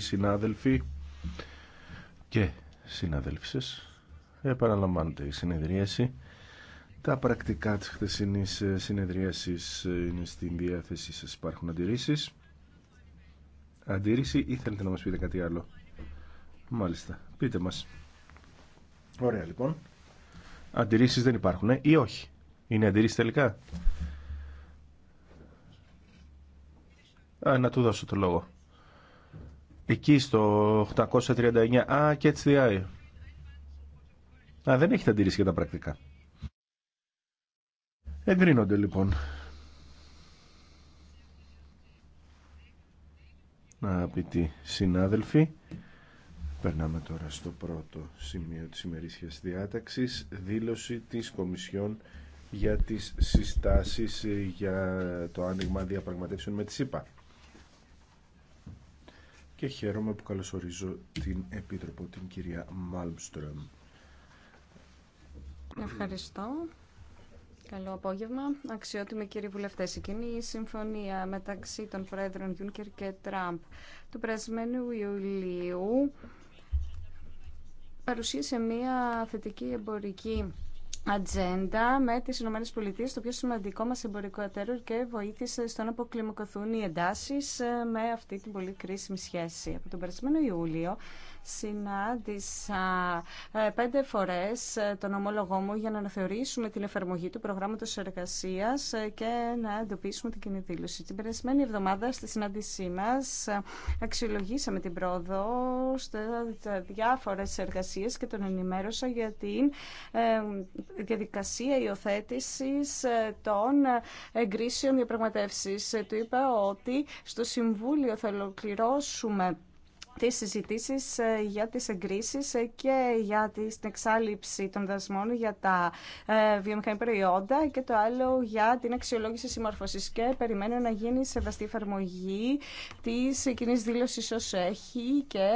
συνάδελφοι και συναδέλφισες επαναλαμβάνεται η συνεδρίαση τα πρακτικά της χθεσινής ε, συνεδρίασης ε, είναι στην διάθεσή σας υπάρχουν αντιρρήσεις αντίρρηση ή θέλετε να μας πείτε κάτι άλλο μάλιστα πείτε μας ωραία λοιπόν αντιρρήσεις δεν υπάρχουν ε? ή όχι είναι αντιρρήσεις τελικά Α, να του δώσω το λόγο. Εκεί στο 839. Α, και έτσι διάει. Α, δεν έχετε αντιρρήσει για τα πρακτικά. Εγκρίνονται λοιπόν. Αγαπητοί συνάδελφοι, περνάμε τώρα στο πρώτο σημείο της ημερήσιας διάταξης, δήλωση της Κομισιόν για τις συστάσεις ε, για το άνοιγμα διαπραγματεύσεων με τη ΣΥΠΑ και χαίρομαι που καλωσορίζω την Επίτροπο, την κυρία Μάλμστρομ. Ευχαριστώ. Καλό απόγευμα. Αξιότιμοι κύριοι βουλευτέ, η κοινή συμφωνία μεταξύ των Πρόεδρων Γιούνκερ και Τραμπ του περασμένου Ιουλίου παρουσίασε μια θετική εμπορική ατζέντα με τι ΗΠΑ το πιο σημαντικό μα εμπορικό εταίρο και βοήθησε στο να αποκλιμακωθούν οι εντάσει ε, με αυτή την πολύ κρίσιμη σχέση. Από τον περασμένο Ιούλιο συνάντησα ε, πέντε φορές ε, τον ομόλογό μου για να αναθεωρήσουμε την εφαρμογή του προγράμματος εργασίας ε, και να εντοπίσουμε την κοινή δήλωση. Την περασμένη εβδομάδα στη συνάντησή μας αξιολογήσαμε την πρόοδο στα διάφορες εργασίες και τον ενημέρωσα για την διαδικασία υιοθέτηση των εγκρίσεων διαπραγματεύσεις. Του είπα ότι στο Συμβούλιο θα ολοκληρώσουμε τις συζητήσει ε, για τις εγκρίσεις ε, και για την εξάλληψη των δασμών για τα ε, βιομηχανή προϊόντα και το άλλο για την αξιολόγηση συμμορφωσης και περιμένω να γίνει σεβαστή εφαρμογή της κοινή δήλωση όσο έχει και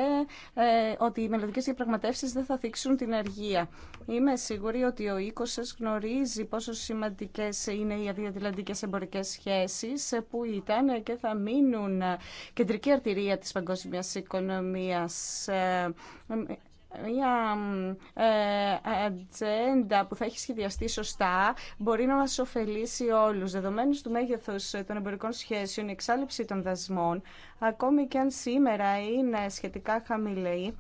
ότι οι μελλοντικέ διαπραγματεύσεις δεν θα θίξουν την αργία. Είμαι σίγουρη ότι ο οίκος σας γνωρίζει πόσο σημαντικές είναι οι αδιαδηλαντικέ εμπορικές σχέσεις που ήταν και θα μείνουν κεντρική αρτηρία τη παγκόσμια οικονομίας ε, μια ε, ατζέντα που θα έχει σχεδιαστεί σωστά μπορεί να μας ωφελήσει όλους. Δεδομένου του μέγεθος των εμπορικών σχέσεων, η εξάλληψη των δασμών, ακόμη και αν σήμερα είναι σχετικά χαμηλή,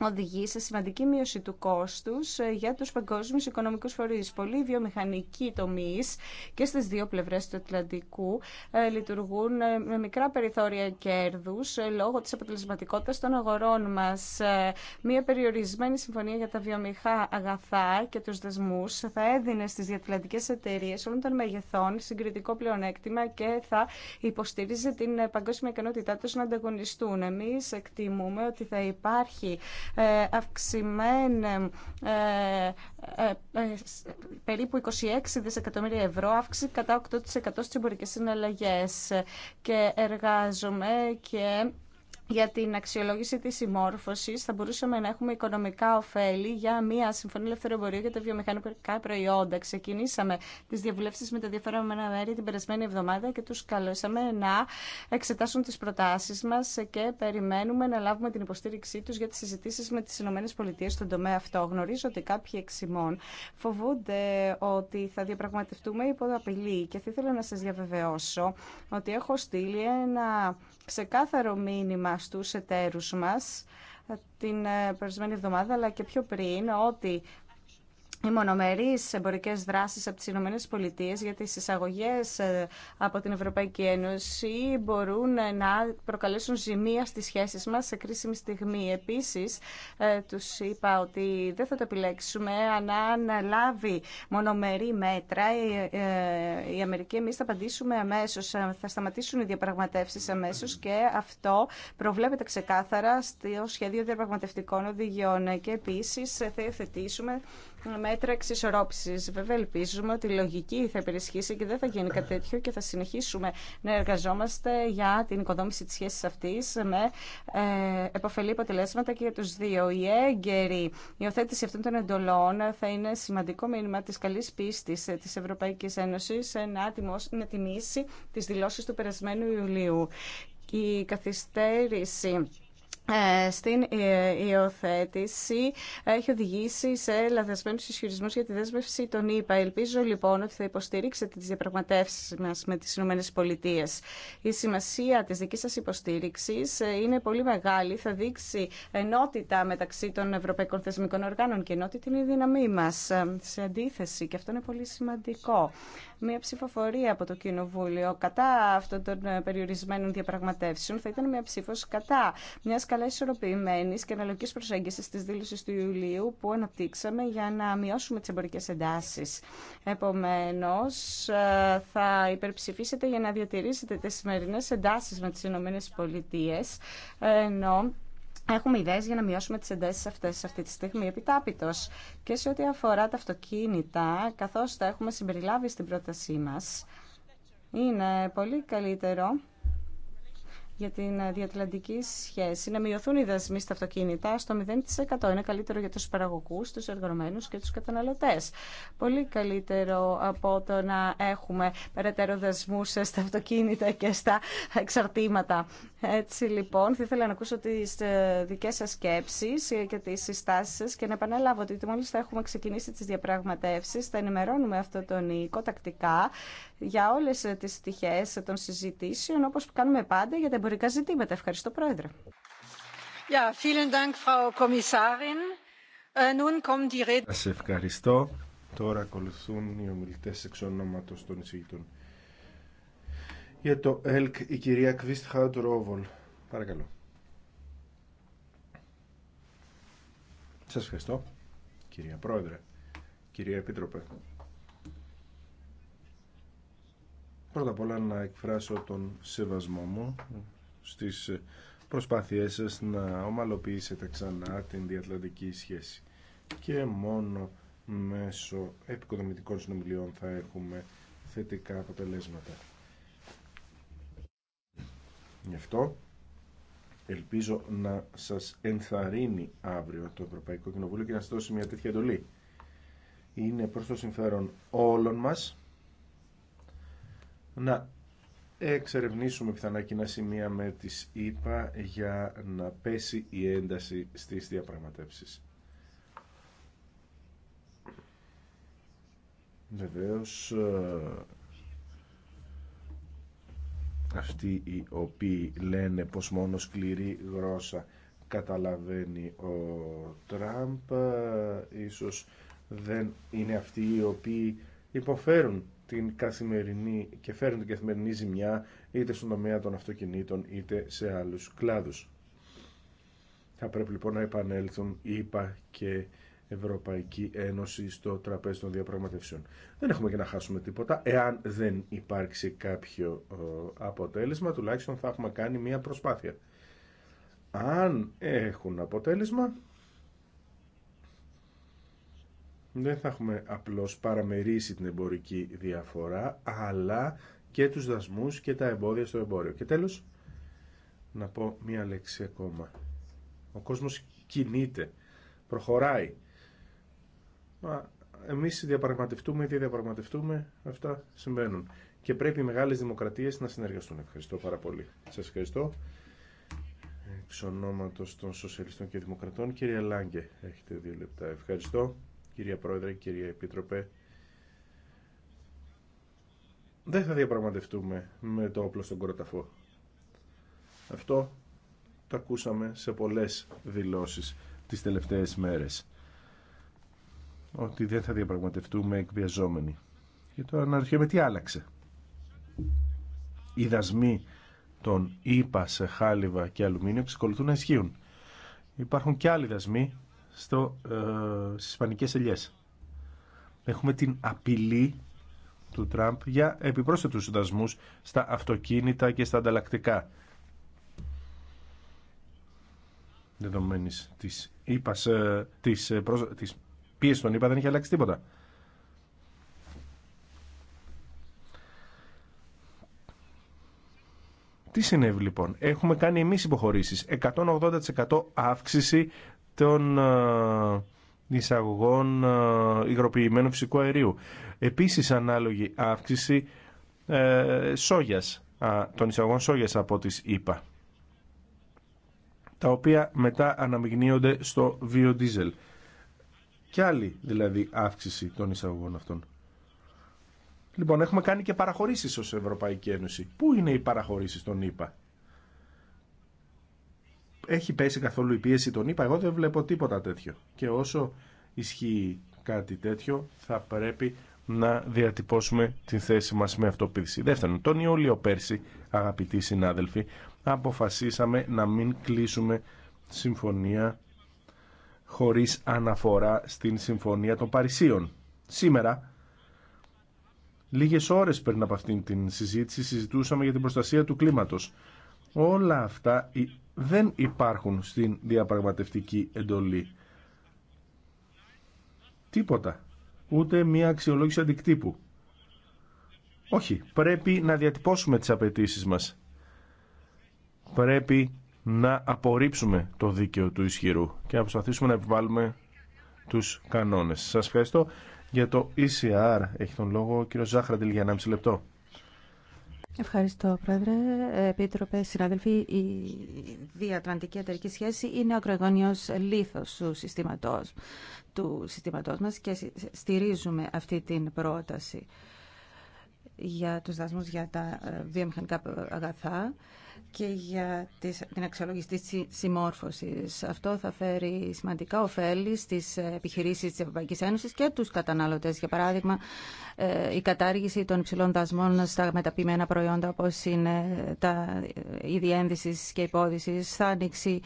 οδηγεί σε σημαντική μείωση του κόστους ε, για τους παγκόσμιους οικονομικούς φορείς. Πολλοί βιομηχανικοί τομείς και στις δύο πλευρές του Ατλαντικού ε, λειτουργούν ε, με μικρά περιθώρια κέρδους λόγω της αποτελεσματικότητας των αγορών μας. Μία περιορισμένη συμφωνία για τα βιομηχά αγαθά και τους δεσμούς θα έδινε στις διατλαντικές εταιρείες όλων των μεγεθών συγκριτικό πλεονέκτημα και θα υποστηρίζει την παγκόσμια ικανότητά του να ανταγωνιστούν. Εμεί εκτιμούμε ότι θα υπάρχει ε, αυξημένη ε, ε, περίπου 26 δισεκατομμύρια ευρώ, αύξηση κατά 8% στις εμπορικές συναλλαγές και εργάζομαι και για την αξιολόγηση της συμμόρφωσης θα μπορούσαμε να έχουμε οικονομικά ωφέλη για μια συμφωνία ελευθεροπορία για τα βιομηχανικά προϊόντα. Ξεκινήσαμε τις διαβουλεύσεις με τα ενδιαφέρομενα μέρη την περασμένη εβδομάδα και τους καλέσαμε να εξετάσουν τις προτάσεις μας και περιμένουμε να λάβουμε την υποστήριξή τους για τις συζητήσεις με τις ΗΠΑ στον τομέα αυτό. Γνωρίζω ότι κάποιοι εξημών φοβούνται ότι θα διαπραγματευτούμε υπό απειλή και θα ήθελα να σα διαβεβαιώσω ότι έχω στείλει ένα ξεκάθαρο μήνυμα στους εταίρους μας την ε, περασμένη εβδομάδα αλλά και πιο πριν ότι οι μονομερεί εμπορικέ δράσει από τι Ηνωμένες για τι εισαγωγέ ε, από την Ευρωπαϊκή Ένωση μπορούν ε, να προκαλέσουν ζημία στι σχέσει μα σε κρίσιμη στιγμή. Επίση, ε, του είπα ότι δεν θα το επιλέξουμε αν λάβει μονομερή μέτρα η Αμερική. εμεί θα απαντήσουμε αμέσω, θα σταματήσουν οι διαπραγματεύσει αμέσω και αυτό προβλέπεται ξεκάθαρα στο σχέδιο διαπραγματευτικών οδηγιών και επίση θα υιοθετήσουμε μέτρα εξισορρόπηση. Βέβαια ελπίζουμε ότι η λογική θα υπερισχύσει και δεν θα γίνει κάτι τέτοιο και θα συνεχίσουμε να εργαζόμαστε για την οικοδόμηση τη σχέση αυτή με ε, επωφελή αποτελέσματα και για του δύο. Η έγκαιρη υιοθέτηση αυτών των εντολών θα είναι σημαντικό μήνυμα της καλής πίστης της Ευρωπαϊκής Ένωσης να, να τιμήσει τι δηλώσει του περασμένου Ιουλίου. Η καθυστέρηση ε, στην ε, υιοθέτηση ε, έχει οδηγήσει σε λαθασμένου ισχυρισμού για τη δέσμευση των ΗΠΑ. Ελπίζω λοιπόν ότι θα υποστηρίξετε τι διαπραγματεύσει μα με τι ΗΠΑ. Η σημασία τη δική σα υποστήριξη είναι πολύ μεγάλη. Θα δείξει ενότητα μεταξύ των ευρωπαϊκών θεσμικών οργάνων και ενότητα είναι η δύναμή μα. Σε αντίθεση, και αυτό είναι πολύ σημαντικό, μια ψηφοφορία από το Κοινοβούλιο κατά αυτών των ε, περιορισμένων διαπραγματεύσεων θα ήταν μια ψήφο κατά μια καλά ισορροπημένη και αναλογική προσέγγιση τη δήλωση του Ιουλίου που αναπτύξαμε για να μειώσουμε τι εμπορικέ εντάσει. Επομένω, ε, θα υπερψηφίσετε για να διατηρήσετε τι σημερινέ εντάσει με τι Ηνωμένε ενώ Έχουμε ιδέε για να μειώσουμε τι εντάσει αυτέ αυτή τη στιγμή επιτάπητο. Και σε ό,τι αφορά τα αυτοκίνητα, καθώ τα έχουμε συμπεριλάβει στην πρότασή μα, είναι πολύ καλύτερο για την ε, διατλαντική σχέση να μειωθούν οι δασμοί στα αυτοκίνητα στο 0%. Είναι καλύτερο για τους παραγωγούς, τους εργαζομένους και τους καταναλωτές. Πολύ καλύτερο από το να έχουμε περαιτέρω δασμού στα αυτοκίνητα και στα εξαρτήματα. Έτσι λοιπόν, θα ήθελα να ακούσω τις ε, δικές σας σκέψεις ε, και τις συστάσεις σας και να επαναλάβω ότι μόλις θα έχουμε ξεκινήσει τις διαπραγματεύσεις θα ενημερώνουμε αυτό τον οίκο για όλε τι στοιχείες των συζητήσεων, όπως κάνουμε πάντα για τα εμπορικά ζητήματα. Ευχαριστώ, Πρόεδρε. Äh, Σα ευχαριστώ. Τώρα ακολουθούν οι ομιλητέ εξ ονόματο των εισηγητών. Για το ΕΛΚ, η κυρία Κβίστχαουτ Ρόβολ. Παρακαλώ. Σα ευχαριστώ, κυρία Πρόεδρε, κυρία Επίτροπε. Πρώτα απ' όλα να εκφράσω τον σεβασμό μου στις προσπάθειές σας να ομαλοποιήσετε ξανά την διατλαντική σχέση. Και μόνο μέσω επικοδομητικών συνομιλιών θα έχουμε θετικά αποτελέσματα. Γι' αυτό ελπίζω να σας ενθαρρύνει αύριο το Ευρωπαϊκό Κοινοβούλιο και να σας δώσει μια τέτοια εντολή. Είναι προς το συμφέρον όλων μας να εξερευνήσουμε πιθανά κοινά σημεία με τις είπα για να πέσει η ένταση στις διαπραγματεύσεις. Βεβαίως, ε, αυτοί οι οποίοι λένε πως μόνο σκληρή γρόσα καταλαβαίνει ο Τραμπ, ε, ίσως δεν είναι αυτοί οι οποίοι υποφέρουν την καθημερινή και φέρνουν την καθημερινή ζημιά είτε στον τομέα των αυτοκινήτων είτε σε άλλους κλάδους. Θα πρέπει λοιπόν να επανέλθουν ΙΠΑ και Ευρωπαϊκή Ένωση στο τραπέζι των διαπραγματεύσεων. Δεν έχουμε και να χάσουμε τίποτα. Εάν δεν υπάρξει κάποιο αποτέλεσμα, τουλάχιστον θα έχουμε κάνει μία προσπάθεια. Αν έχουν αποτέλεσμα, δεν θα έχουμε απλώς παραμερίσει την εμπορική διαφορά, αλλά και τους δασμούς και τα εμπόδια στο εμπόριο. Και τέλος, να πω μία λέξη ακόμα. Ο κόσμος κινείται, προχωράει. Μα εμείς διαπραγματευτούμε Τι διαπραγματευτούμε, αυτά συμβαίνουν. Και πρέπει οι μεγάλες δημοκρατίες να συνεργαστούν. Ευχαριστώ πάρα πολύ. Σας ευχαριστώ. Εξ ονόματος των Σοσιαλιστών και Δημοκρατών, κύριε Λάγκε, έχετε δύο λεπτά. Ευχαριστώ κυρία Πρόεδρε, κυρία Επίτροπε. Δεν θα διαπραγματευτούμε με το όπλο στον κροταφό. Αυτό το ακούσαμε σε πολλές δηλώσεις τις τελευταίες μέρες. Ότι δεν θα διαπραγματευτούμε εκβιαζόμενοι. Και τώρα αναρωτιέμαι τι άλλαξε. Οι δασμοί των ΙΠΑ σε χάλιβα και αλουμίνιο εξακολουθούν να ισχύουν. Υπάρχουν και άλλοι δασμοί στο, ε, στις ισπανικές Έχουμε την απειλή του Τραμπ για επιπρόσθετους συντασμούς στα αυτοκίνητα και στα ανταλλακτικά. Δεδομένης της, είπας, ε, της, ε, της πίεσης των ΗΠΑ δεν έχει αλλάξει τίποτα. Τι συνέβη λοιπόν. Έχουμε κάνει εμείς υποχωρήσεις. 180% αύξηση των ε, εισαγωγών ε, υγροποιημένου φυσικού αερίου. Επίσης ανάλογη αύξηση ε, σόγιας, των εισαγωγών σόγιας από τις ΗΠΑ τα οποία μετά αναμειγνύονται στο βιοδίζελ. Κι άλλη δηλαδή αύξηση των εισαγωγών αυτών. Λοιπόν, έχουμε κάνει και παραχωρήσεις ως Ευρωπαϊκή Ένωση. Πού είναι οι παραχωρήσεις των ΗΠΑ έχει πέσει καθόλου η πίεση των είπα, Εγώ δεν βλέπω τίποτα τέτοιο. Και όσο ισχύει κάτι τέτοιο, θα πρέπει να διατυπώσουμε την θέση μας με αυτοποίηση. Δεύτερον, τον Ιούλιο πέρσι, αγαπητοί συνάδελφοι, αποφασίσαμε να μην κλείσουμε συμφωνία χωρίς αναφορά στην Συμφωνία των Παρισίων. Σήμερα, λίγες ώρες πριν από αυτήν την συζήτηση, συζητούσαμε για την προστασία του κλίματος. Όλα αυτά δεν υπάρχουν στην διαπραγματευτική εντολή. Τίποτα. Ούτε μία αξιολόγηση αντικτύπου. Όχι. Πρέπει να διατυπώσουμε τις απαιτήσει μας. Πρέπει να απορρίψουμε το δίκαιο του ισχυρού και να προσπαθήσουμε να επιβάλλουμε τους κανόνες. Σας ευχαριστώ για το ECR. Έχει τον λόγο ο κύριος Ζάχραντιλ για 1,5 λεπτό. Ευχαριστώ, Πρόεδρε. Επίτροπε, συνάδελφοι, η διατραντική εταιρική σχέση είναι ο λίθος του του συστήματός μα και στηρίζουμε αυτή την πρόταση για τους δασμούς για τα ε, βιομηχανικά αγαθά και για την αξιολόγηση της συμμόρφωσης. Αυτό θα φέρει σημαντικά ωφέλη στις επιχειρήσεις της Ευρωπαϊκής Ένωσης και τους καταναλωτές. Για παράδειγμα, ε, η κατάργηση των υψηλών δασμών στα μεταποιημένα προϊόντα όπως είναι τα ε, διένδυση και υπόδηση θα ανοίξει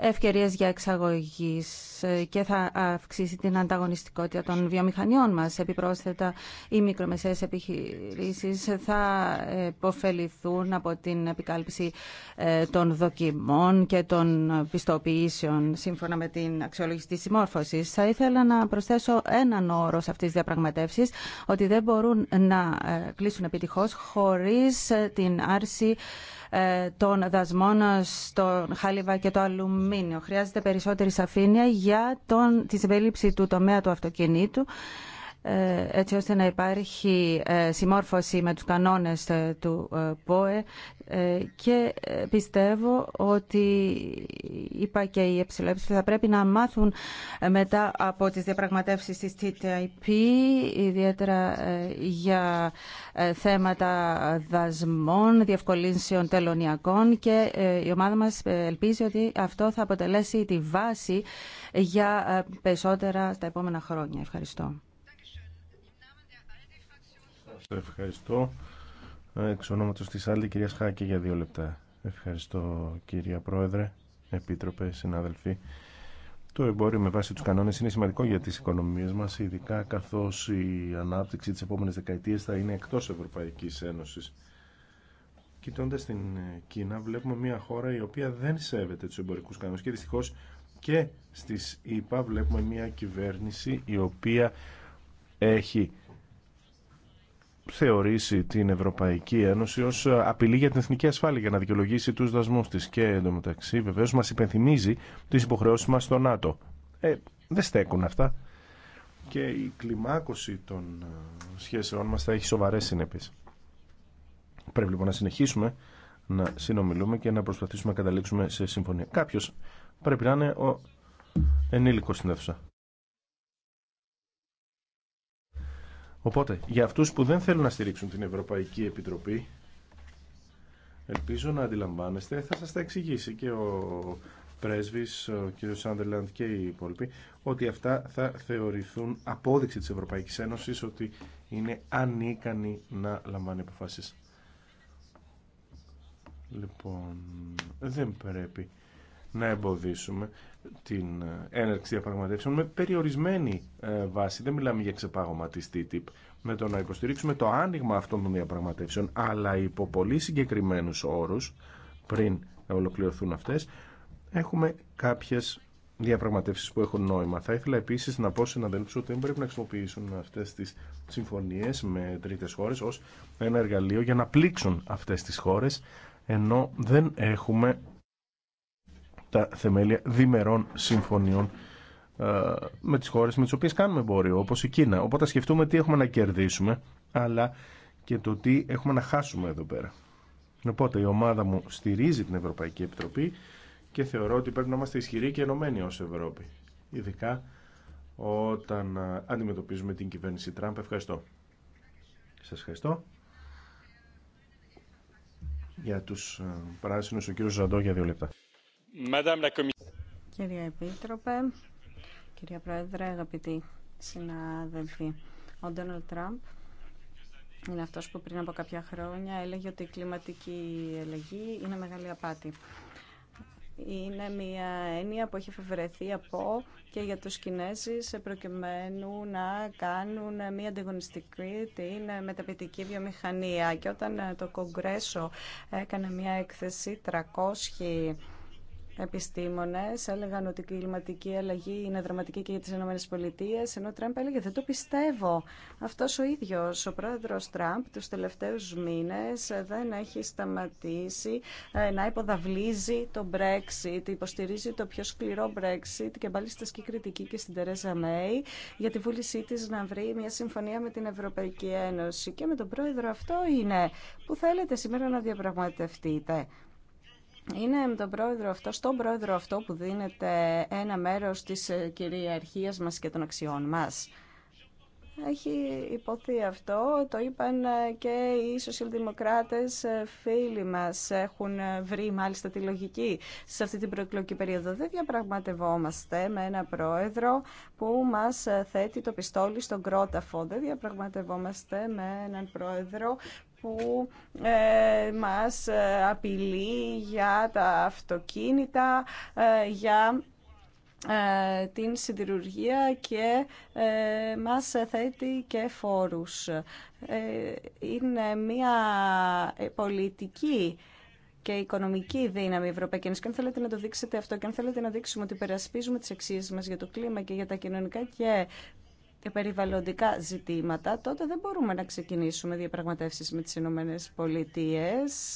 ευκαιρίες για εξαγωγής ε, και θα αυξήσει την ανταγωνιστικότητα των βιομηχανιών μας. Επιπρόσθετα, οι μικρομεσαίες επιχειρήσεις θα υποφεληθούν από την επικάλυψη ε, των δοκιμών και των πιστοποιήσεων σύμφωνα με την αξιολογική της Θα ήθελα να προσθέσω έναν όρο σε αυτές τις διαπραγματεύσεις, ότι δεν μπορούν να ε, κλείσουν επιτυχώς χωρίς ε, την άρση των δασμών στον χάλιβα και το αλουμίνιο. Χρειάζεται περισσότερη σαφήνεια για τον, τη συμπερίληψη του τομέα του αυτοκινήτου ε, έτσι ώστε να υπάρχει ε, συμμόρφωση με τους κανόνες ε, του ΠΟΕ και πιστεύω ότι είπα και οι ΕΕ θα πρέπει να μάθουν μετά από τις διαπραγματεύσεις της TTIP ιδιαίτερα για θέματα δασμών, διευκολύνσεων τελωνιακών και η ομάδα μας ελπίζει ότι αυτό θα αποτελέσει τη βάση για περισσότερα τα επόμενα χρόνια. Ευχαριστώ. Ευχαριστώ. Εξ ονόματο τη άλλη, κυρία Σχάκη, για δύο λεπτά. Ευχαριστώ, κυρία Πρόεδρε, Επίτροπε, συνάδελφοι. Το εμπόριο με βάση τους κανόνες είναι σημαντικό για τις οικονομίες μας, ειδικά καθώς η ανάπτυξη της επόμενης δεκαετίας θα είναι εκτός Ευρωπαϊκής Ένωσης. Κοιτώντας την Κίνα βλέπουμε μια χώρα η οποία δεν σέβεται του εμπορικού κανόνε και δυστυχώ και στις ΗΠΑ βλέπουμε μια κυβέρνηση η οποία έχει θεωρήσει την Ευρωπαϊκή Ένωση ως απειλή για την εθνική ασφάλεια για να δικαιολογήσει τους δασμούς της και εντωμεταξύ βεβαίως μας υπενθυμίζει τις υποχρεώσεις μας στο ΝΑΤΟ. Ε, δεν στέκουν αυτά και η κλιμάκωση των ε, σχέσεών μας θα έχει σοβαρές συνέπειες. Πρέπει λοιπόν να συνεχίσουμε να συνομιλούμε και να προσπαθήσουμε να καταλήξουμε σε συμφωνία. Κάποιος πρέπει να είναι ο ενήλικος στην αίθουσα. Οπότε, για αυτούς που δεν θέλουν να στηρίξουν την Ευρωπαϊκή Επιτροπή, ελπίζω να αντιλαμβάνεστε, θα σας τα εξηγήσει και ο πρέσβης, ο κ. Σάντερλαντ και οι υπόλοιποι, ότι αυτά θα θεωρηθούν απόδειξη της Ευρωπαϊκής Ένωσης ότι είναι ανίκανη να λαμβάνει αποφάσεις. Λοιπόν, δεν πρέπει να εμποδίσουμε την ε, έναρξη διαπραγματεύσεων με περιορισμένη ε, βάση. Δεν μιλάμε για ξεπάγωμα τη TTIP με το να υποστηρίξουμε το άνοιγμα αυτών των διαπραγματεύσεων αλλά υπό πολύ συγκεκριμένου όρου πριν ολοκληρωθούν αυτέ έχουμε κάποιε διαπραγματεύσει που έχουν νόημα. Θα ήθελα επίση να πω σε ότι δεν πρέπει να χρησιμοποιήσουν αυτέ τι συμφωνίε με τρίτε χώρε ω ένα εργαλείο για να πλήξουν αυτέ τι χώρε ενώ δεν έχουμε τα θεμέλια διμερών συμφωνιών ε, με τις χώρες με τις οποίες κάνουμε εμπόριο, όπως η Κίνα. Οπότε σκεφτούμε τι έχουμε να κερδίσουμε, αλλά και το τι έχουμε να χάσουμε εδώ πέρα. Οπότε η ομάδα μου στηρίζει την Ευρωπαϊκή Επιτροπή και θεωρώ ότι πρέπει να είμαστε ισχυροί και ενωμένοι ως Ευρώπη. Ειδικά όταν ε, αντιμετωπίζουμε την κυβέρνηση Τραμπ. Ευχαριστώ. Σας ευχαριστώ. Για τους ε, πράσινους, ο κύριος Ζαντό για δύο λεπτά. Κυρία Επίτροπε, κυρία Πρόεδρε, αγαπητοί συνάδελφοι, ο Ντόναλτ Τραμπ είναι αυτός που πριν από κάποια χρόνια έλεγε ότι η κλιματική αλλαγή είναι μεγάλη απάτη. Είναι μια έννοια που έχει εφευρεθεί από και για τους Κινέζους προκειμένου να κάνουν μια ανταγωνιστική την μεταπητική βιομηχανία. Και όταν το Κογκρέσο έκανε μια έκθεση 300 επιστήμονες έλεγαν ότι η κλιματική αλλαγή είναι δραματική και για τις ΗΠΑ, ενώ ο Τραμπ έλεγε δεν το πιστεύω. Αυτός ο ίδιος, ο πρόεδρος Τραμπ, τους τελευταίους μήνες δεν έχει σταματήσει ε, να υποδαβλίζει το Brexit, υποστηρίζει το πιο σκληρό Brexit και μάλιστα και κριτική και στην Τερέζα Μέη για τη βούλησή της να βρει μια συμφωνία με την Ευρωπαϊκή Ένωση. Και με τον πρόεδρο αυτό είναι που θέλετε σήμερα να διαπραγματευτείτε είναι με τον πρόεδρο αυτό, στον πρόεδρο αυτό που δίνεται ένα μέρος της ε, κυριαρχίας μας και των αξιών μας. Έχει υποθεί αυτό, το είπαν ε, και οι σοσιαλδημοκράτες ε, φίλοι μας έχουν βρει μάλιστα τη λογική σε αυτή την προεκλογική περίοδο. Δεν διαπραγματευόμαστε με ένα πρόεδρο που μας θέτει το πιστόλι στον κρόταφο. Δεν διαπραγματευόμαστε με έναν πρόεδρο που ε, μας ε, απειλεί για τα αυτοκίνητα, ε, για την συντηρουργία και μας θέτει και φόρους. Είναι μια πολιτική και οικονομική δύναμη Ευρωπαϊκή Ένωση. Και αν θέλετε να το δείξετε αυτό, και αν θέλετε να δείξουμε ότι περασπίζουμε τις αξίες μας για το κλίμα και για τα κοινωνικά και και περιβαλλοντικά ζητήματα, τότε δεν μπορούμε να ξεκινήσουμε διαπραγματεύσεις με τις Ηνωμένε Πολιτείε,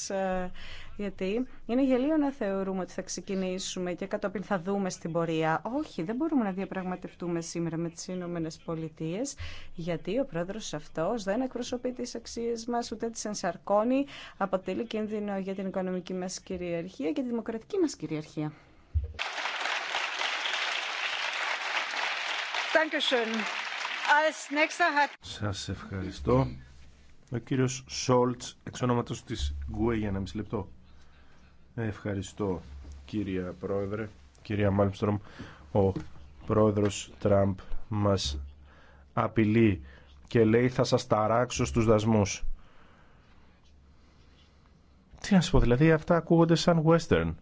ε, γιατί είναι γελίο να θεωρούμε ότι θα ξεκινήσουμε και κατόπιν θα δούμε στην πορεία. Όχι, δεν μπορούμε να διαπραγματευτούμε σήμερα με τις Ηνωμένε Πολιτείε, γιατί ο πρόεδρος αυτός δεν εκπροσωπεί τις αξίες μας, ούτε τις ενσαρκώνει, αποτελεί κίνδυνο για την οικονομική μας κυριαρχία και τη δημοκρατική μας κυριαρχία. Σας ευχαριστώ. Ο κύριος Σόλτς, εξ ονόματος της Γκουέ για ένα μισή λεπτό. Ευχαριστώ κύρια Πρόεδρε, κυρία Μάλμστρομ. Ο Πρόεδρος Τραμπ μας απειλεί και λέει θα σας ταράξω στους δασμούς. Τι να σου πω, δηλαδή αυτά ακούγονται σαν western.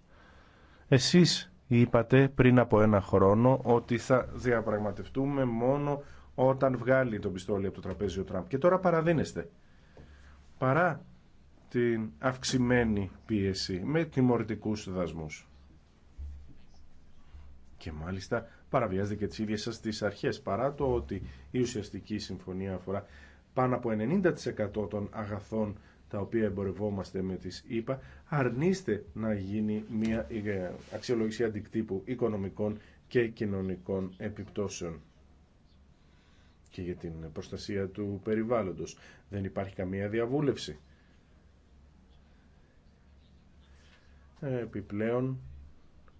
Εσείς είπατε πριν από ένα χρόνο ότι θα διαπραγματευτούμε μόνο όταν βγάλει τον πιστόλι από το τραπέζι ο Τραμπ. Και τώρα παραδίνεστε. Παρά την αυξημένη πίεση με τιμωρητικού δασμούς. Και μάλιστα παραβιάζεται και τις ίδιε σας τις αρχές, παρά το ότι η ουσιαστική συμφωνία αφορά πάνω από 90% των αγαθών τα οποία εμπορευόμαστε με τις ΗΠΑ, αρνείστε να γίνει μια ε, αξιολόγηση αντικτύπου οικονομικών και κοινωνικών επιπτώσεων και για την προστασία του περιβάλλοντος. Δεν υπάρχει καμία διαβούλευση. Επιπλέον,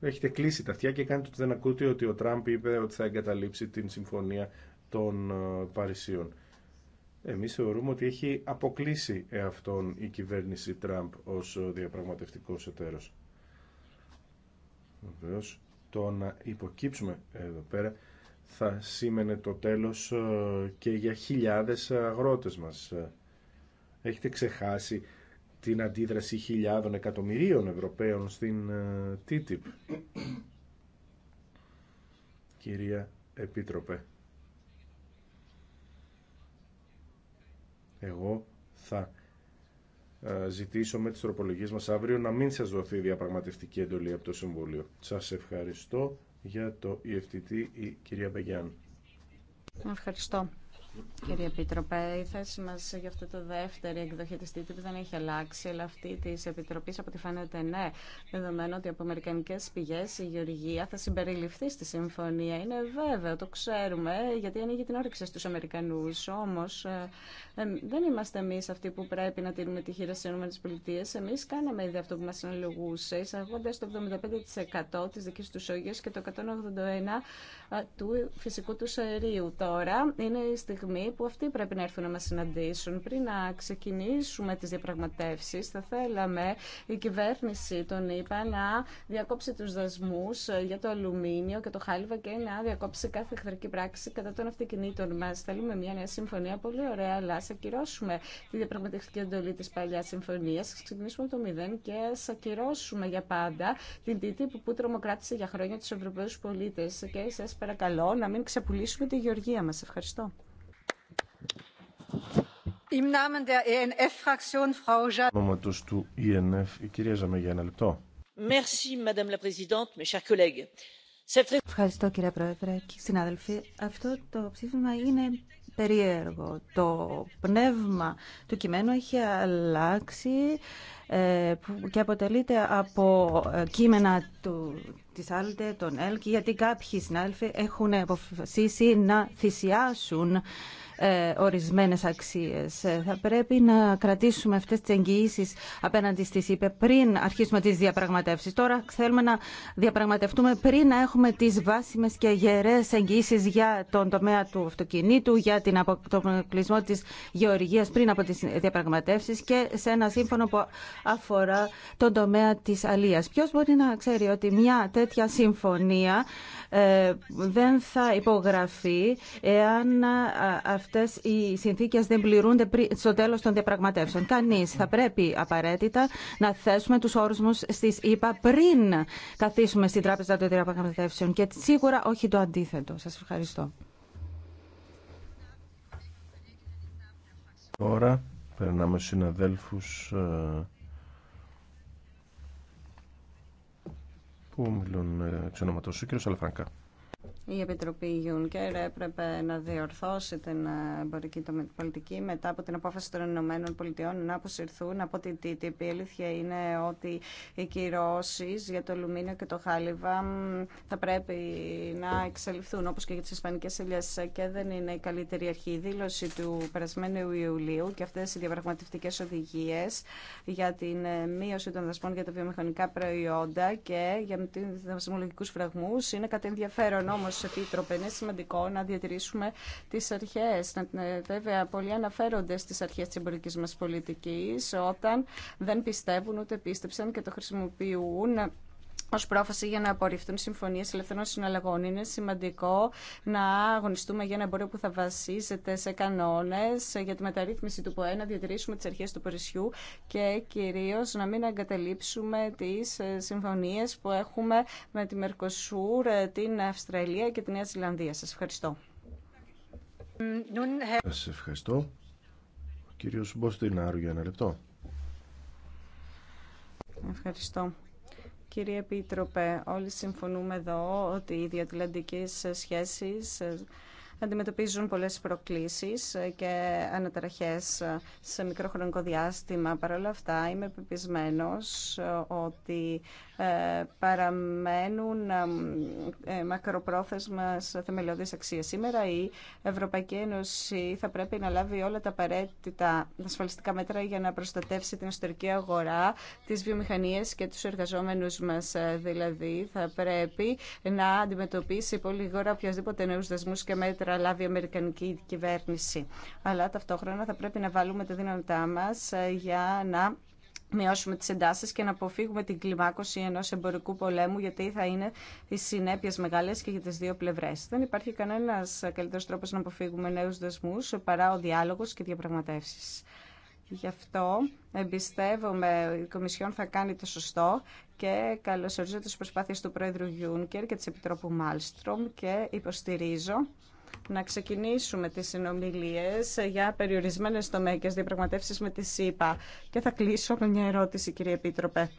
έχετε κλείσει τα αυτιά και κάνετε ότι δεν ακούτε ότι ο Τραμπ είπε ότι θα εγκαταλείψει την συμφωνία των ε, Παρισίων. Εμείς θεωρούμε ότι έχει αποκλείσει εαυτόν η κυβέρνηση Τραμπ ως ε, διαπραγματευτικός εταίρος. Βεβαίως, το να υποκύψουμε εδώ πέρα θα σήμαινε το τέλος ε, και για χιλιάδες αγρότες μας. Ε, έχετε ξεχάσει την αντίδραση χιλιάδων εκατομμυρίων Ευρωπαίων στην ε, TTIP. Κυρία Επίτροπε, εγώ θα ζητήσω με τις τροπολογίες μας αύριο να μην σας δοθεί διαπραγματευτική εντολή από το Συμβούλιο. Σας ευχαριστώ για το EFTT η κυρία Μπεγιάν. Ευχαριστώ. Κύριε Επίτροπε, η θέση μα για αυτή τη δεύτερη εκδοχή τη TTIP δεν έχει αλλάξει, αλλά αυτή τη Επιτροπή, από ό,τι φαίνεται, ναι. Δεδομένου ότι από αμερικανικέ πηγέ η Γεωργία θα συμπεριληφθεί στη συμφωνία. Είναι βέβαιο, το ξέρουμε, γιατί ανοίγει την όρεξη στου Αμερικανού. Όμω, ε, ε, δεν είμαστε εμεί αυτοί που πρέπει να τηρούμε τη χείρα στι ΗΠΑ. Εμεί κάναμε ήδη αυτό που μα αναλογούσε, εισαγώντα το 75% τη δική του όγια και το 181% του φυσικού του αερίου. Τώρα είναι η στιγμή που αυτοί πρέπει να έρθουν να μας συναντήσουν. Πριν να ξεκινήσουμε τις διαπραγματεύσεις, θα θέλαμε η κυβέρνηση τον είπα να διακόψει τους δασμούς ε, για το αλουμίνιο και το χάλιβα και να διακόψει κάθε εχθρική πράξη κατά των αυτοκινήτων μας. Θέλουμε μια νέα συμφωνία, πολύ ωραία, αλλά ας ακυρώσουμε τη διαπραγματευτική εντολή της παλιάς συμφωνίας, ας ξεκινήσουμε το μηδέν και ας ακυρώσουμε για πάντα την που, που τρομοκράτησε για χρόνια τους Ευρωπαίους πολίτες. Και σας παρακαλώ να μην ξεπουλήσουμε τη γεωργία μας. Ευχαριστώ. Ευχαριστώ κύριε Πρόεδρε και συνάδελφοι. Αυτό το ψήφισμα είναι περίεργο. Το πνεύμα του κειμένου έχει αλλάξει ε, και αποτελείται από ε, κείμενα του, της Άλτε, των ΕΛΚ, γιατί κάποιοι συνάδελφοι έχουν αποφασίσει να θυσιάσουν ε, ορισμένες αξίες. Ε, θα πρέπει να κρατήσουμε αυτές τις εγγυήσει απέναντι στις είπε πριν αρχίσουμε τις διαπραγματεύσεις. Τώρα θέλουμε να διαπραγματευτούμε πριν να έχουμε τις βάσιμες και γερές εγγυήσει για τον τομέα του αυτοκινήτου, για την κλεισμό της γεωργίας πριν από τις διαπραγματεύσεις και σε ένα σύμφωνο που αφορά τον τομέα της αλίας. Ποιος μπορεί να ξέρει ότι μια τέτοια συμφωνία ε, δεν θα υπογραφεί εάν οι συνθήκε δεν πληρούνται στο τέλο των διαπραγματεύσεων. Κανεί θα πρέπει απαραίτητα να θέσουμε του όρους μα στις ΗΠΑ πριν καθίσουμε στην Τράπεζα των Διαπραγματεύσεων και σίγουρα όχι το αντίθετο. Σα ευχαριστώ. Τώρα περνάμε στους συναδέλφου. Ε, που μιλούν ε, εξ ονόματο του κ. Η Επιτροπή Juncker έπρεπε να διορθώσει την ε, εμπορική πολιτική μετά από την απόφαση των Ηνωμένων Πολιτειών να αποσυρθούν από την TTIP. Η αλήθεια είναι ότι οι κυρώσει για το αλουμίνιο και το χάλιβα θα πρέπει να εξελιχθούν όπω και για τι ισπανικέ ελιέ και δεν είναι η καλύτερη αρχή. Η δήλωση του περασμένου Ιουλίου και αυτέ οι διαπραγματευτικέ οδηγίε για την ε, μείωση των δασμών για τα βιομηχανικά προϊόντα και για του δασμολογικού φραγμού είναι κατά ενδιαφέρον όμως, Επίτροπε, είναι σημαντικό να διατηρήσουμε τις αρχές. Ε, βέβαια, πολλοί αναφέρονται στις αρχές της εμπορική μας πολιτική, όταν δεν πιστεύουν ούτε πίστεψαν και το χρησιμοποιούν ω πρόφαση για να απορριφθούν συμφωνίε ελευθερών συναλλαγών. Είναι σημαντικό να αγωνιστούμε για ένα εμπόριο που θα βασίζεται σε κανόνε για τη μεταρρύθμιση του ΠΟΕ, να διατηρήσουμε τι αρχέ του Παρισιού και κυρίω να μην αγκαταλείψουμε τι ε, συμφωνίε που έχουμε με τη Μερκοσούρ, ε, την Αυστραλία και τη Νέα Ζηλανδία. Σα ευχαριστώ. Σα ευχαριστώ. Μποστινάρου για ένα λεπτό. Ευχαριστώ. Κύριε Επίτροπε, όλοι συμφωνούμε εδώ ότι οι διατλαντικές σχέσεις ε, αντιμετωπίζουν πολλές προκλήσεις ε, και αναταραχές ε, σε μικρό χρονικό διάστημα. Παρ' όλα αυτά είμαι πεπισμένος ότι ε, παραμένουν ε, ε, μακροπρόθεσμα θεμελιώδεις αξίες. Σήμερα η Ευρωπαϊκή Ένωση θα πρέπει να λάβει όλα τα απαραίτητα ασφαλιστικά μέτρα για να προστατεύσει την εσωτερική αγορά, τις βιομηχανίες και τους εργαζόμενους μας. Δηλαδή θα πρέπει να αντιμετωπίσει πολύ γρήγορα οποιασδήποτε νέους δεσμούς και μέτρα λάβει η Αμερικανική κυβέρνηση. Αλλά ταυτόχρονα θα πρέπει να βάλουμε τα δυνατά μας για να μειώσουμε τις εντάσεις και να αποφύγουμε την κλιμάκωση ενός εμπορικού πολέμου γιατί θα είναι οι συνέπειες μεγάλες και για τις δύο πλευρές. Δεν υπάρχει κανένας καλύτερος τρόπος να αποφύγουμε νέους δεσμούς παρά ο διάλογος και διαπραγματεύσεις. Γι' αυτό εμπιστεύομαι η Κομισιόν θα κάνει το σωστό και καλωσορίζω τις προσπάθειες του Πρόεδρου Γιούνκερ και της Επιτρόπου Μάλστρομ και υποστηρίζω να ξεκινήσουμε τις συνομιλίες για περιορισμένες τομέκες διαπραγματεύσεις με τη ΣΥΠΑ. Και θα κλείσω με μια ερώτηση, κύριε Επίτροπε.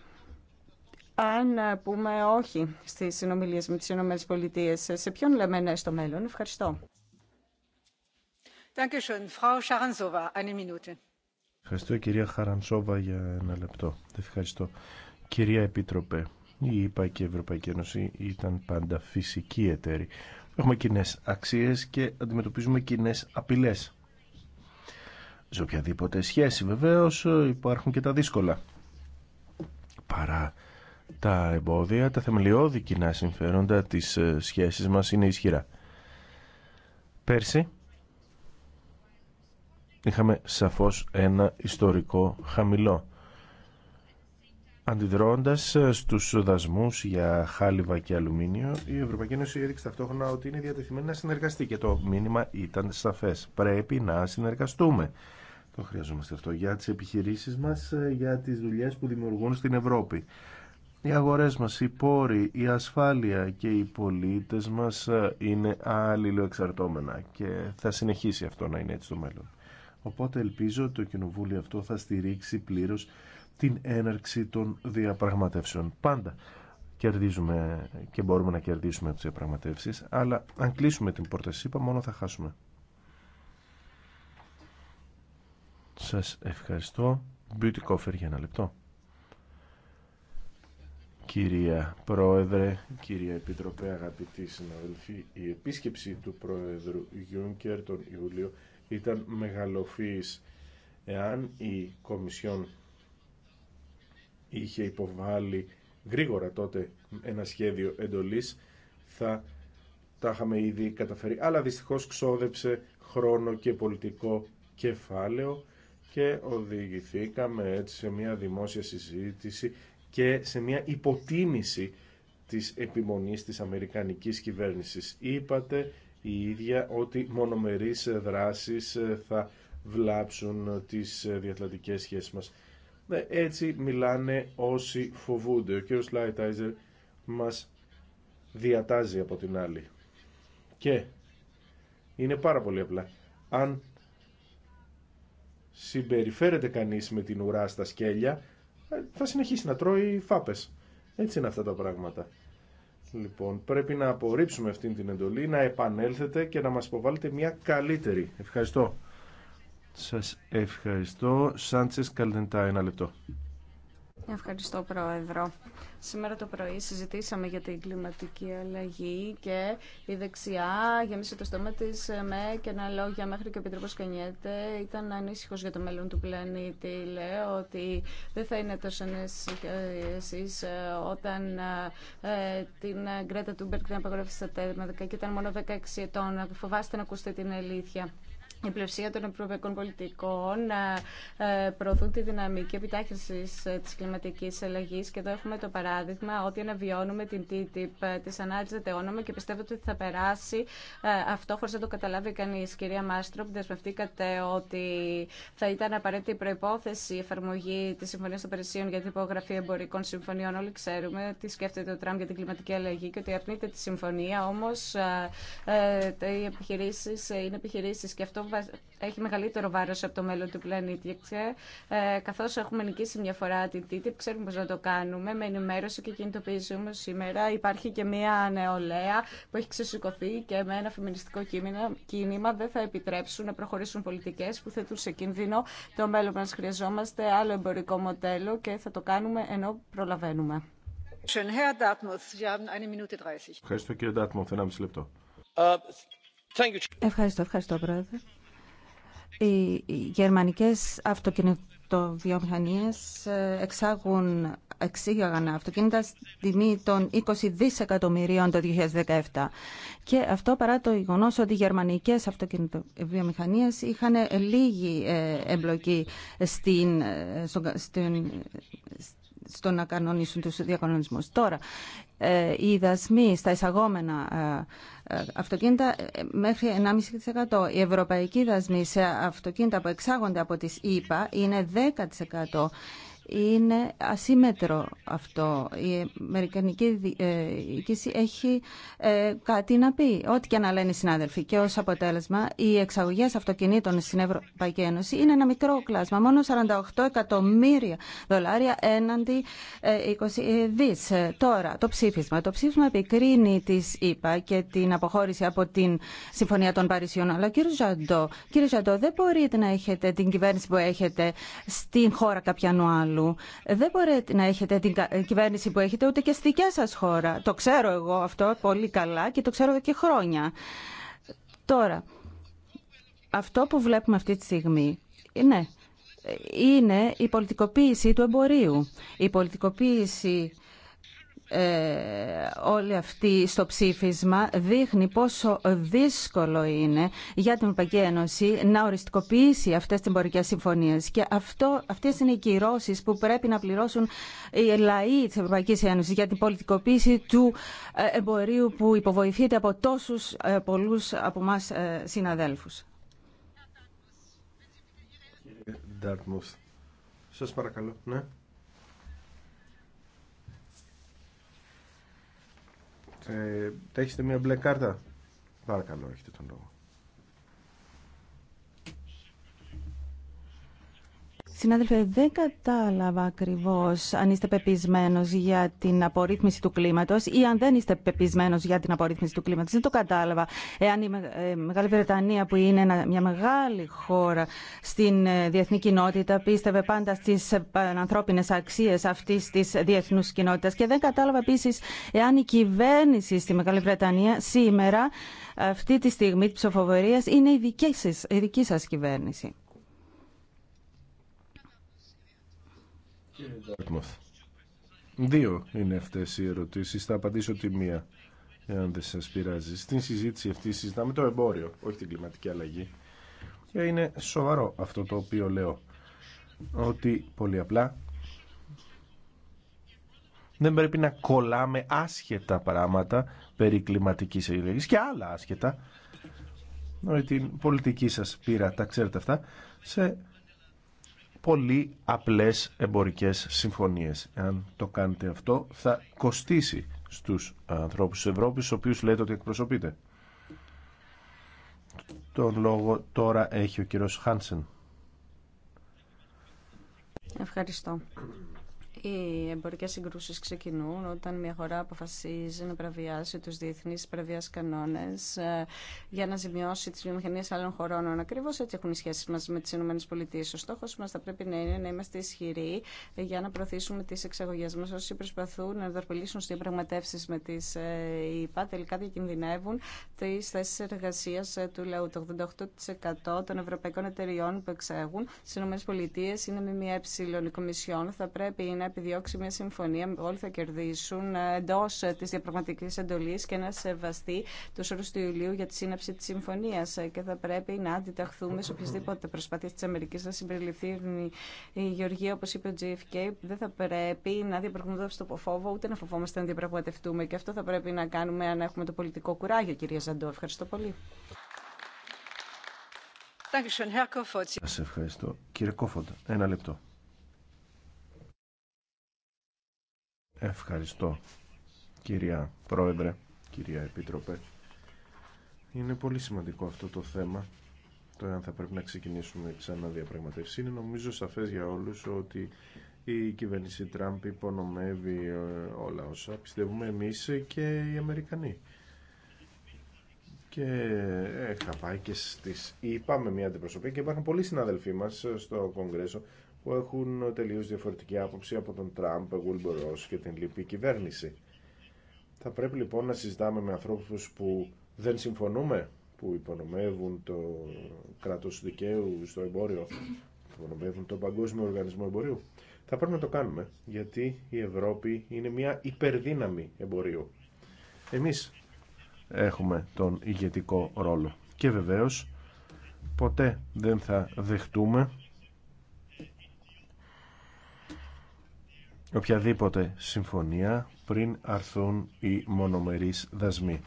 Αν πούμε όχι στις συνομιλίες με τις Ηνωμένες Πολιτείες, σε ποιον λέμε ναι στο μέλλον. Ευχαριστώ. Ευχαριστώ, κυρία Χαρανσόβα, για ένα λεπτό. Ευχαριστώ. Κυρία Επίτροπε, η ΕΠΑ ΕΕ και η Ευρωπαϊκή Ένωση ήταν πάντα φυσική εταίροι Έχουμε κοινέ αξίες και αντιμετωπίζουμε κοινέ απειλέ. Σε οποιαδήποτε σχέση βεβαίω υπάρχουν και τα δύσκολα. Παρά τα εμπόδια, τα θεμελιώδη κοινά συμφέροντα της ε, σχέσης μας είναι ισχυρά. Πέρσι είχαμε σαφώς ένα ιστορικό χαμηλό Αντιδρώντας ε, στους δασμούς για χάλιβα και αλουμίνιο, η Ευρωπαϊκή Ένωση έδειξε ταυτόχρονα ότι είναι διατεθειμένη να συνεργαστεί και το μήνυμα ήταν σαφές. Πρέπει να συνεργαστούμε. Το χρειαζόμαστε αυτό για τις επιχειρήσεις μας, ε, για τις δουλειές που δημιουργούν στην Ευρώπη. Οι αγορές μας, οι πόροι, η ασφάλεια και οι πολίτες μας ε, είναι αλληλοεξαρτώμενα και θα συνεχίσει αυτό να είναι έτσι στο μέλλον. Οπότε ελπίζω το κοινοβούλιο αυτό θα στηρίξει πλήρως την έναρξη των διαπραγματεύσεων. Πάντα κερδίζουμε και μπορούμε να κερδίσουμε από τις διαπραγματεύσεις, αλλά αν κλείσουμε την πόρτα είπα, μόνο θα χάσουμε. Σας ευχαριστώ. Beauty Coffer για ένα λεπτό. Κυρία Πρόεδρε, κυρία Επιτροπέ, αγαπητοί συναδελφοί, η επίσκεψη του Πρόεδρου Γιούνκερ τον Ιούλιο ήταν μεγαλοφύης. Εάν η Κομισιόν είχε υποβάλει γρήγορα τότε ένα σχέδιο εντολής θα τα είχαμε ήδη καταφέρει. Αλλά δυστυχώς ξόδεψε χρόνο και πολιτικό κεφάλαιο και οδηγηθήκαμε έτσι σε μια δημόσια συζήτηση και σε μια υποτίμηση της επιμονής της Αμερικανικής κυβέρνησης. Είπατε η ίδια ότι μονομερείς δράσεις θα βλάψουν τις διατλαντικές σχέσεις μας. Ναι, έτσι μιλάνε όσοι φοβούνται. Ο κύριος Λάιτάιζερ μας διατάζει από την άλλη. Και είναι πάρα πολύ απλά. Αν συμπεριφέρεται κανείς με την ουρά στα σκέλια, θα συνεχίσει να τρώει φάπες. Έτσι είναι αυτά τα πράγματα. Λοιπόν, πρέπει να απορρίψουμε αυτή την εντολή, να επανέλθετε και να μας υποβάλλετε μια καλύτερη. Ευχαριστώ. Σας ευχαριστώ. Σάντσες Καλδεντά, ένα λεπτό. Ευχαριστώ, Πρόεδρο. Σήμερα το πρωί συζητήσαμε για την κλιματική αλλαγή και η δεξιά γεμίσε το στόμα τη ε, με κενά λόγια μέχρι και ο Επίτροπο Κανιέται ήταν ανήσυχο για το μέλλον του πλανήτη. Λέω ότι δεν θα είναι τόσο εσεί ε, όταν ε, την Γκρέτα Τούμπερκ την απαγορεύσατε στα 10 και ήταν μόνο 16 ετών. Φοβάστε να ακούσετε την αλήθεια η πλευσία των ευρωπαϊκών πολιτικών ε, ε, προωθούν τη δυναμική επιτάχυνση ε, τη κλιματική αλλαγή. Και εδώ έχουμε το παράδειγμα ότι αναβιώνουμε την TTIP, τη ανάτζεται όνομα και πιστεύω ότι θα περάσει αυτό χωρί να το καταλάβει κανεί. Κυρία Μάστροπ, δεσμευτήκατε ότι θα ήταν απαραίτητη η προπόθεση η εφαρμογή τη Συμφωνία των Περισσίων για την υπογραφή εμπορικών συμφωνιών. Όλοι ξέρουμε τι σκέφτεται ο Τραμπ για την κλιματική αλλαγή και ότι αρνείται τη συμφωνία. Όμω οι επιχειρήσει είναι επιχειρήσει και αυτό έχει μεγαλύτερο βάρο από το μέλλον του πλανήτη. Ε, καθώ έχουμε νικήσει μια φορά την TTIP, ξέρουμε πω να το κάνουμε με ενημέρωση και κινητοποιήσουμε σήμερα. Υπάρχει και μια νεολαία που έχει ξεσηκωθεί και με ένα φεμινιστικό κίνημα δεν θα επιτρέψουν να προχωρήσουν πολιτικέ που θέτουν σε κίνδυνο το μέλλον μα Χρειαζόμαστε άλλο εμπορικό μοντέλο και θα το κάνουμε ενώ προλαβαίνουμε. Ευχαριστώ κύριε Ντάτμουθ, ένα μισή λεπτό. Uh, ευχαριστώ, ευχαριστώ πρόεδρε. Οι γερμανικές αυτοκινητοβιομηχανίες ε, εξάγουν, εξήγαγαν αυτοκίνητα στη τιμή των 20 δισεκατομμυρίων το 2017. Και αυτό παρά το γεγονό ότι οι γερμανικές αυτοκινητοβιομηχανίε είχαν ε, λίγη ε, εμπλοκή στην, στην στο να κανονίσουν τους Τώρα, οι δασμοί στα εισαγόμενα αυτοκίνητα ε, μέχρι 1,5%. Οι ευρωπαϊκή δασμοί σε αυτοκίνητα που εξάγονται από τις ΗΠΑ είναι 10%. Είναι ασύμετρο αυτό. Η Αμερικανική ε, διοίκηση έχει ε, κάτι να πει. Ό,τι και να λένε οι συνάδελφοι. Και ω αποτέλεσμα, οι εξαγωγέ αυτοκινήτων στην Ευρωπαϊκή Ένωση είναι ένα μικρό κλάσμα. Μόνο 48 εκατομμύρια δολάρια έναντι 20 ε, δι. Τώρα, το ψήφισμα. Το ψήφισμα επικρίνει τη ΕΠΑ και την αποχώρηση από την Συμφωνία των Παρισιών. Αλλά κύριε Ζαντό, δεν μπορείτε να έχετε την κυβέρνηση που έχετε στην χώρα κάποιανού άλλου. Δεν μπορείτε να έχετε την κυβέρνηση που έχετε ούτε και στη δικιά σας χώρα. Το ξέρω εγώ αυτό πολύ καλά και το ξέρω και χρόνια. Τώρα, αυτό που βλέπουμε αυτή τη στιγμή, ναι, είναι η πολιτικοποίηση του εμπορίου. Η πολιτικοποίηση ε, όλη αυτή στο ψήφισμα δείχνει πόσο δύσκολο είναι για την Ευρωπαϊκή Ένωση να οριστικοποιήσει αυτές τις εμπορικές συμφωνίες. Και αυτό, αυτές είναι οι κυρώσεις που πρέπει να πληρώσουν οι λαοί της Ευρωπαϊκής Ένωσης για την πολιτικοποίηση του ε, εμπορίου που υποβοηθείται από τόσους ε, πολλούς από εμά συναδέλφους. Σας παρακαλώ. Ναι. Ε, έχετε μια μπλε κάρτα. Παρακαλώ, έχετε τον λόγο. Συνάδελφε, δεν κατάλαβα ακριβώ αν είστε πεπισμένο για την απορρίθμιση του κλίματο ή αν δεν είστε πεπισμένο για την απορρίθμιση του κλίματο. Δεν το κατάλαβα. Εάν η ε, Μεγάλη Βρετανία, που είναι μια μεγάλη χώρα στην ε, διεθνή κοινότητα, πίστευε πάντα στι ε, ανθρώπινε αξίε αυτή τη διεθνού κοινότητα. Και δεν κατάλαβα επίση εάν η κυβέρνηση στη Μεγάλη Βρετανία σήμερα, αυτή τη στιγμή τη ψηφοφορία, είναι η δική σα κυβέρνηση. Δύο είναι αυτέ οι ερωτήσει. Θα απαντήσω τη μία, εάν δεν σας πειράζει. Στην συζήτηση αυτή συζητάμε το εμπόριο, όχι την κλιματική αλλαγή. Και είναι σοβαρό αυτό το οποίο λέω. Ότι πολύ απλά δεν πρέπει να κολλάμε άσχετα πράγματα περί κλιματικής αλλαγής και άλλα άσχετα. Ότι την πολιτική σας πείρα, τα ξέρετε αυτά, σε πολύ απλές εμπορικές συμφωνίες. Αν το κάνετε αυτό θα κοστίσει στους ανθρώπους της Ευρώπης, στους οποίους λέτε ότι εκπροσωπείτε. Τον λόγο τώρα έχει ο κύριος Χάνσεν. Ευχαριστώ. Οι εμπορικέ συγκρούσει ξεκινούν όταν μια χώρα αποφασίζει να παραβιάσει του διεθνεί παραβιά κανόνε ε, για να ζημιώσει τι βιομηχανίε άλλων χωρών. Ακριβώ έτσι έχουν οι σχέσει μα με τι ΗΠΑ. Ο στόχο μα θα πρέπει να είναι να είμαστε ισχυροί για να προωθήσουμε τι εξαγωγέ μα. Όσοι προσπαθούν να δορπολίσουν στι διαπραγματεύσει με τι ε, ΗΠΑ τελικά διακινδυνεύουν τι θέσει εργασία ε, του λαού. Το 88% των ευρωπαϊκών εταιριών που εξέγουν στι ΗΠΑ είναι ΜΜΕ. Η Κομισιόν θα πρέπει να επιδιώξει μια συμφωνία που όλοι θα κερδίσουν εντό τη διαπραγματική εντολή και να σεβαστεί του όρου του Ιουλίου για τη σύναψη τη συμφωνία. Και θα πρέπει να αντιταχθούμε σε οποιασδήποτε προσπάθεια τη Αμερική να συμπεριληφθεί η Γεωργία, όπω είπε ο JFK. Δεν θα πρέπει να διαπραγματεύσουμε το φόβο, ούτε να φοβόμαστε να διαπραγματευτούμε. Και αυτό θα πρέπει να κάνουμε αν έχουμε το πολιτικό κουράγιο, κυρία Ζαντό. Ευχαριστώ πολύ. Σα ευχαριστώ. Κύριε Κόφοντα, ένα λεπτό. Ευχαριστώ κυρία Πρόεδρε, κυρία Επίτροπε. Είναι πολύ σημαντικό αυτό το θέμα. Το αν θα πρέπει να ξεκινήσουμε ξανά διαπραγματεύσει είναι νομίζω σαφές για όλους ότι η κυβέρνηση Τραμπ υπονομεύει ε, όλα όσα πιστεύουμε εμείς και οι Αμερικανοί. Και είχα πάει και στις είπαμε μια αντιπροσωπή και υπάρχουν πολλοί συνάδελφοί μας στο Κογκρέσο που έχουν τελείως διαφορετική άποψη από τον Τραμπ, ο Ρος και την λυπη κυβέρνηση. Θα πρέπει λοιπόν να συζητάμε με ανθρώπους που δεν συμφωνούμε, που υπονομεύουν το κράτος δικαίου στο εμπόριο, που υπονομεύουν τον Παγκόσμιο Οργανισμό Εμπορίου. Θα πρέπει να το κάνουμε, γιατί η Ευρώπη είναι μια υπερδύναμη εμπορίου. Εμείς έχουμε τον ηγετικό ρόλο. Και βεβαίως ποτέ δεν θα δεχτούμε οποιαδήποτε συμφωνία πριν αρθούν οι μονομερείς δασμοί.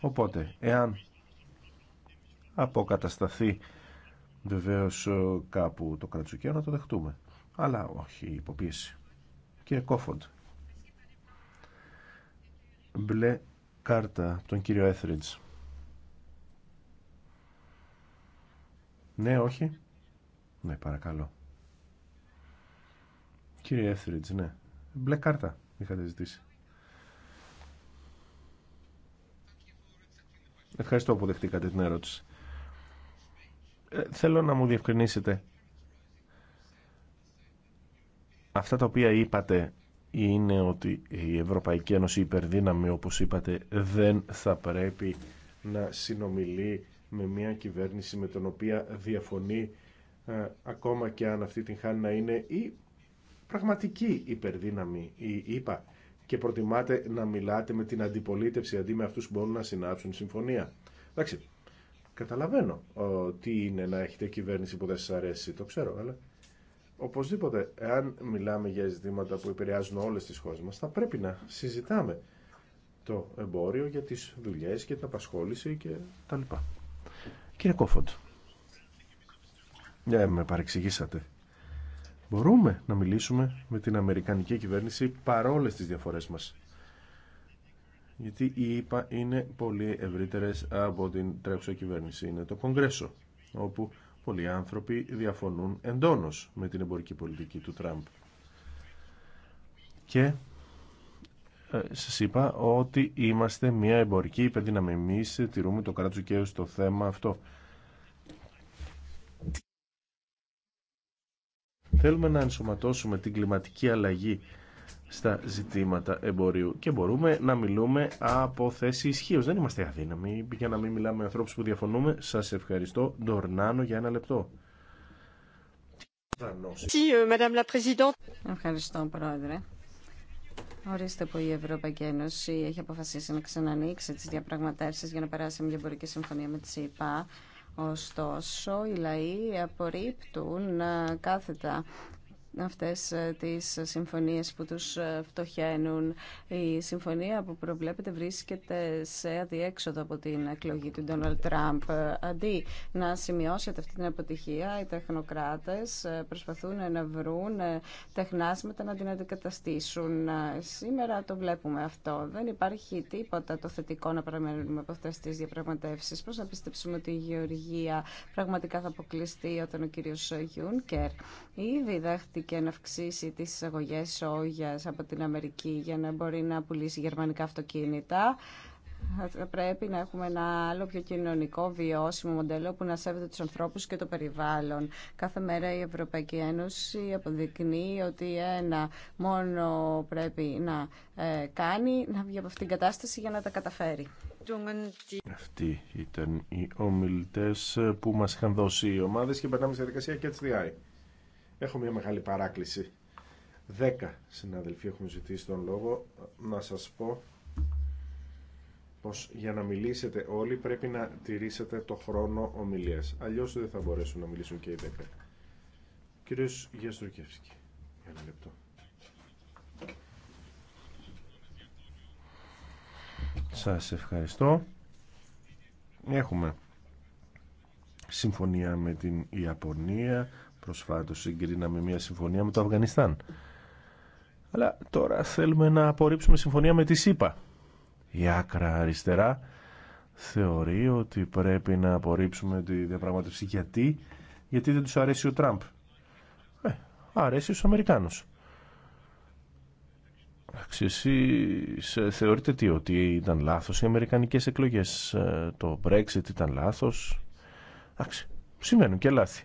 Οπότε, εάν αποκατασταθεί βεβαίω ε, κάπου το κρατσουκέο να το δεχτούμε. Αλλά όχι υποπίεση. Κύριε Κόφοντ, μπλε κάρτα τον κύριο Έθριντς Ναι, όχι. Ναι, παρακαλώ. Κύριε ναι. Μπλε κάρτα είχατε ζητήσει. Ευχαριστώ που δεχτήκατε την ερώτηση. Ε, θέλω να μου διευκρινίσετε. Αυτά τα οποία είπατε είναι ότι η Ευρωπαϊκή Ένωση υπερδύναμη, όπως είπατε, δεν θα πρέπει να συνομιλεί με μια κυβέρνηση με την οποία διαφωνεί ε, ακόμα και αν αυτή την χάνει να είναι η πραγματική υπερδύναμη είπα και προτιμάτε να μιλάτε με την αντιπολίτευση αντί με αυτούς που μπορούν να συνάψουν συμφωνία. Εντάξει, καταλαβαίνω τι είναι να έχετε κυβέρνηση που δεν σας αρέσει, το ξέρω, αλλά οπωσδήποτε, εάν μιλάμε για ζητήματα που επηρεάζουν όλες τις χώρες μας, θα πρέπει να συζητάμε το εμπόριο για τις δουλειές και την απασχόληση κτλ. Κύριε Κόφοντ, ε, με παρεξηγήσατε. Μπορούμε να μιλήσουμε με την Αμερικανική κυβέρνηση παρόλες τις διαφορές μας. Γιατί οι ΥΠΑ είναι πολύ ευρύτερες από την τρέχουσα κυβέρνηση. Είναι το Κογκρέσο, όπου πολλοί άνθρωποι διαφωνούν εντόνως με την εμπορική πολιτική του Τραμπ. Και ε, σας είπα ότι είμαστε μια εμπορική υπερδύναμη. Εμείς τηρούμε το κράτος και στο θέμα αυτό. Θέλουμε να ενσωματώσουμε την κλιματική αλλαγή στα ζητήματα εμπορίου και μπορούμε να μιλούμε από θέση ισχύω. Δεν είμαστε αδύναμοι για να μην μιλάμε με ανθρώπου που διαφωνούμε. Σα ευχαριστώ. Ντορνάνο για ένα λεπτό. Euh, ευχαριστώ, Πρόεδρε. Ορίστε που η Ευρωπαϊκή Ένωση έχει αποφασίσει να ξανανοίξει τι διαπραγματεύσει για να περάσει μια εμπορική συμφωνία με τη ΣΥΠΑ Ωστόσο, οι λαοί απορρίπτουν ε, κάθετα αυτές ε, τις συμφωνίες που τους ε, φτωχαίνουν. Η συμφωνία που προβλέπεται βρίσκεται σε αδιέξοδο από την εκλογή του Ντόναλτ Τραμπ. Ε, αντί να σημειώσετε αυτή την αποτυχία, οι τεχνοκράτες προσπαθούν να βρουν τεχνάσματα να την αντικαταστήσουν. Σήμερα το βλέπουμε αυτό. Δεν υπάρχει τίποτα το θετικό να παραμένουμε από αυτές τις διαπραγματεύσεις. Πώς να πιστέψουμε ότι η Γεωργία πραγματικά θα αποκλειστεί όταν ο κύριος Γιούνκερ ήδη δέχτηκε και να αυξήσει τις εισαγωγές σόγιας από την Αμερική για να μπορεί να πουλήσει γερμανικά αυτοκίνητα. Θα πρέπει να έχουμε ένα άλλο πιο κοινωνικό, βιώσιμο μοντέλο που να σέβεται τους ανθρώπους και το περιβάλλον. Κάθε μέρα η Ευρωπαϊκή Ένωση αποδεικνύει ότι ένα μόνο πρέπει να ε, κάνει, να βγει από αυτήν την κατάσταση για να τα καταφέρει. Αυτοί ήταν οι ομιλητές που μας είχαν δώσει οι ομάδες και περνάμε στη διαδικασία και Έχω μια μεγάλη παράκληση. Δέκα συναδελφοί έχουν ζητήσει τον λόγο. Να σας πω πως για να μιλήσετε όλοι πρέπει να τηρήσετε το χρόνο ομιλίας. Αλλιώς δεν θα μπορέσουν να μιλήσουν και οι δέκα. Κύριος Γιαστρουκεύσκη, για ένα λεπτό. Σας ευχαριστώ. Έχουμε συμφωνία με την Ιαπωνία Προσφάτως συγκρίναμε μια συμφωνία με το Αφγανιστάν. Αλλά τώρα θέλουμε να απορρίψουμε συμφωνία με τη ΣΥΠΑ. Η άκρα αριστερά θεωρεί ότι πρέπει να απορρίψουμε τη διαπραγματευσή. Γιατί, γιατί δεν τους αρέσει ο Τραμπ. Ε, αρέσει στους Αμερικάνους. εσύ θεωρείτε τι, ότι ήταν λάθος οι αμερικανικές εκλογές. Ε, το Brexit ήταν λάθος. Εντάξει, και λάθη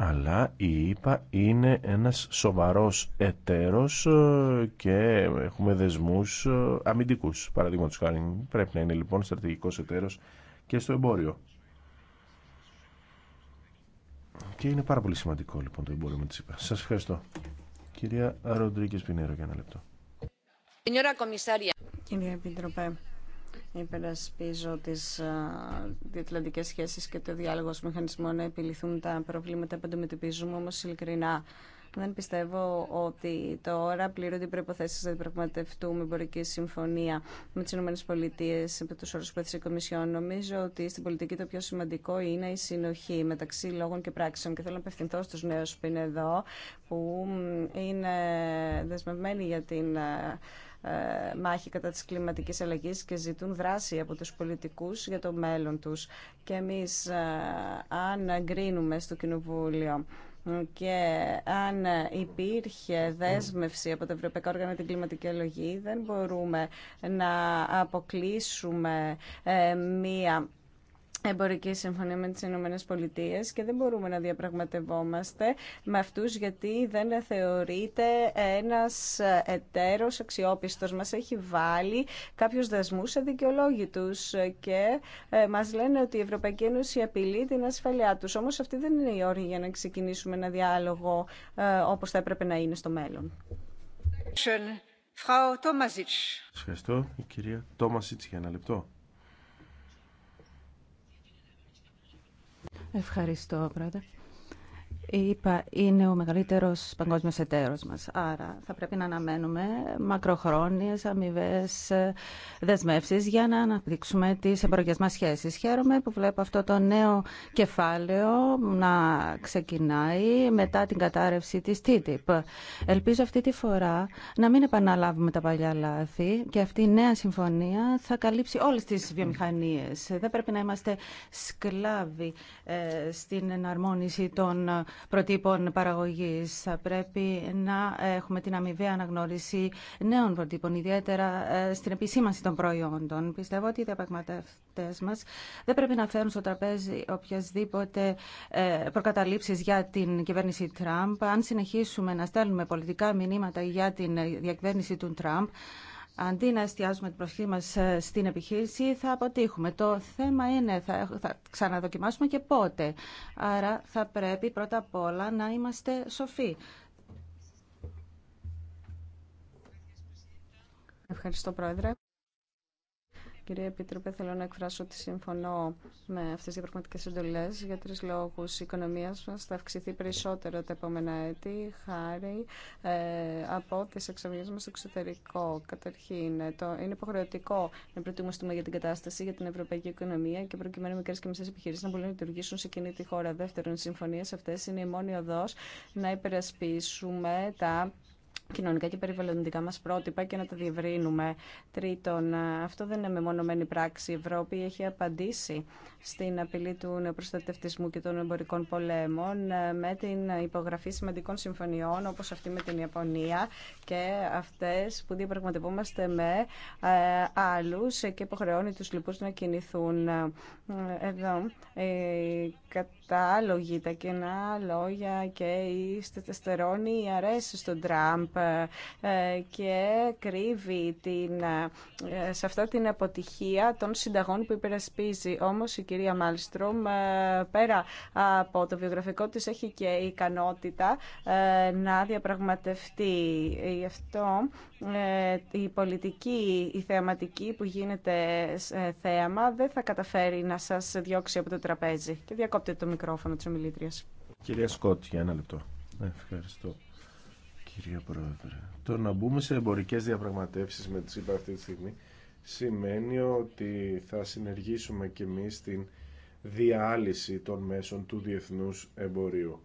αλλά η ΕΠΑ είναι ένας σοβαρός εταίρος ε, και έχουμε δεσμούς ε, αμυντικούς παραδείγματο χάρη πρέπει να είναι λοιπόν στρατηγικός εταίρος και στο εμπόριο και είναι πάρα πολύ σημαντικό λοιπόν το εμπόριο με τη ΕΠΑ σας ευχαριστώ κυρία Ροντρίγκες Πινέρο για ένα λεπτό Κυρία Επιτροπέ, υπερασπίζω τι διεθντικέ σχέσει και το διάλογο ως μηχανισμό να επιληθούν τα προβλήματα που αντιμετωπίζουμε, όμω ειλικρινά δεν πιστεύω ότι τώρα πληρούνται οι προποθέσει να διαπραγματευτούμε εμπορική συμφωνία με τι ΗΠΑ επί του όρου που έθεσε η Κομισιόν. Νομίζω ότι στην πολιτική το πιο σημαντικό είναι η συνοχή μεταξύ λόγων και πράξεων. Και θέλω να απευθυνθώ στου νέου που είναι εδώ, που είναι δεσμευμένοι για την ε, μάχη κατά της κλιματικής αλλαγής και ζητούν δράση από τους πολιτικούς για το μέλλον τους. Και εμείς ε, αν εγκρίνουμε στο Κοινοβούλιο και αν υπήρχε δέσμευση από τα Ευρωπαϊκά Όργανα την κλιματική αλλαγή, δεν μπορούμε να αποκλείσουμε ε, μία εμπορική συμφωνία με τις Ηνωμένες Πολιτείες και δεν μπορούμε να διαπραγματευόμαστε με αυτούς γιατί δεν θεωρείται ένας εταίρος αξιόπιστος. Μας έχει βάλει κάποιους δεσμούς αδικαιολόγητους και ε, μας λένε ότι η Ευρωπαϊκή Ένωση απειλεί την ασφαλειά τους. Όμως αυτή δεν είναι η όρια για να ξεκινήσουμε ένα διάλογο ε, όπως θα έπρεπε να είναι στο μέλλον. Ευχαριστώ. Η κυρία Τόμασιτς για ένα λεπτό. Ευχαριστώ, Πρόεδρε. Είπα, είναι ο μεγαλύτερο παγκόσμιο εταίρος μας. Άρα θα πρέπει να αναμένουμε μακροχρόνιες αμοιβέ ε, δεσμεύσει για να αναπτύξουμε τι εμπορικέ μα σχέσει. Χαίρομαι που βλέπω αυτό το νέο κεφάλαιο να ξεκινάει μετά την κατάρρευση τη TTIP. Ελπίζω αυτή τη φορά να μην επαναλάβουμε τα παλιά λάθη και αυτή η νέα συμφωνία θα καλύψει όλε τι βιομηχανίε. Δεν πρέπει να είμαστε σκλάβοι ε, στην εναρμόνιση των προτύπων παραγωγής. Θα πρέπει να έχουμε την αμοιβαία αναγνώριση νέων προτύπων, ιδιαίτερα ε, στην επισήμανση των προϊόντων. Πιστεύω ότι οι διαπραγματευτέ μας δεν πρέπει να φέρουν στο τραπέζι οποιασδήποτε ε, προκαταλήψεις για την κυβέρνηση Τραμπ. Αν συνεχίσουμε να στέλνουμε πολιτικά μηνύματα για την ε, διακυβέρνηση του Τραμπ, Αντί να εστιάζουμε την προσοχή μας ε, στην επιχείρηση, θα αποτύχουμε. Το θέμα είναι, θα, θα ξαναδοκιμάσουμε και πότε. Άρα θα πρέπει πρώτα απ' όλα να είμαστε σοφοί. Ευχαριστώ, Πρόεδρε. Κύριε Επίτροπε, θέλω να εκφράσω ότι συμφωνώ με αυτές τις διαπραγματικές εντολές για τρεις λόγους. Η οικονομία μας θα αυξηθεί περισσότερο τα επόμενα έτη χάρη ε, από τις εξαγωγές μας στο εξωτερικό. Καταρχήν, ε, το, είναι υποχρεωτικό να προετοιμαστούμε για την κατάσταση για την ευρωπαϊκή οικονομία και προκειμένου μικρέ και μισέ επιχειρήσει να μπορούν να λειτουργήσουν σε κοινή τη χώρα. Δεύτερον, οι συμφωνίε αυτέ είναι η μόνη οδό να υπερασπίσουμε τα κοινωνικά και περιβαλλοντικά μας πρότυπα και να τα διευρύνουμε. Τρίτον, αυτό δεν είναι μεμονωμένη πράξη. Η Ευρώπη έχει απαντήσει στην απειλή του νεοπροστατευτισμού και των εμπορικών πολέμων με την υπογραφή σημαντικών συμφωνιών όπως αυτή με την Ιαπωνία και αυτές που διαπραγματευόμαστε με ε, άλλους και υποχρεώνει τους λοιπούς να κινηθούν ε, εδώ τα άλογη, τα κενά λόγια και η στετεστερώνη αρέσει στον Τραμπ ε, και κρύβει την, ε, σε αυτά την αποτυχία των συνταγών που υπερασπίζει. Όμως η κυρία Μάλστρομ ε, πέρα από το βιογραφικό της έχει και η ικανότητα να διαπραγματευτεί. Γι' αυτό η πολιτική, η θεαματική που γίνεται θέαμα δεν θα καταφέρει να σας διώξει από το τραπέζι. Και διακόπτε το μικρόφωνο της Κυρία Σκότ, για ένα λεπτό. Ευχαριστώ. Κυρία Πρόεδρε, το να μπούμε σε εμπορικές διαπραγματεύσεις με ΣΥΠΑ αυτή τη στιγμή σημαίνει ότι θα συνεργήσουμε και εμείς στην διάλυση των μέσων του διεθνούς εμπορίου.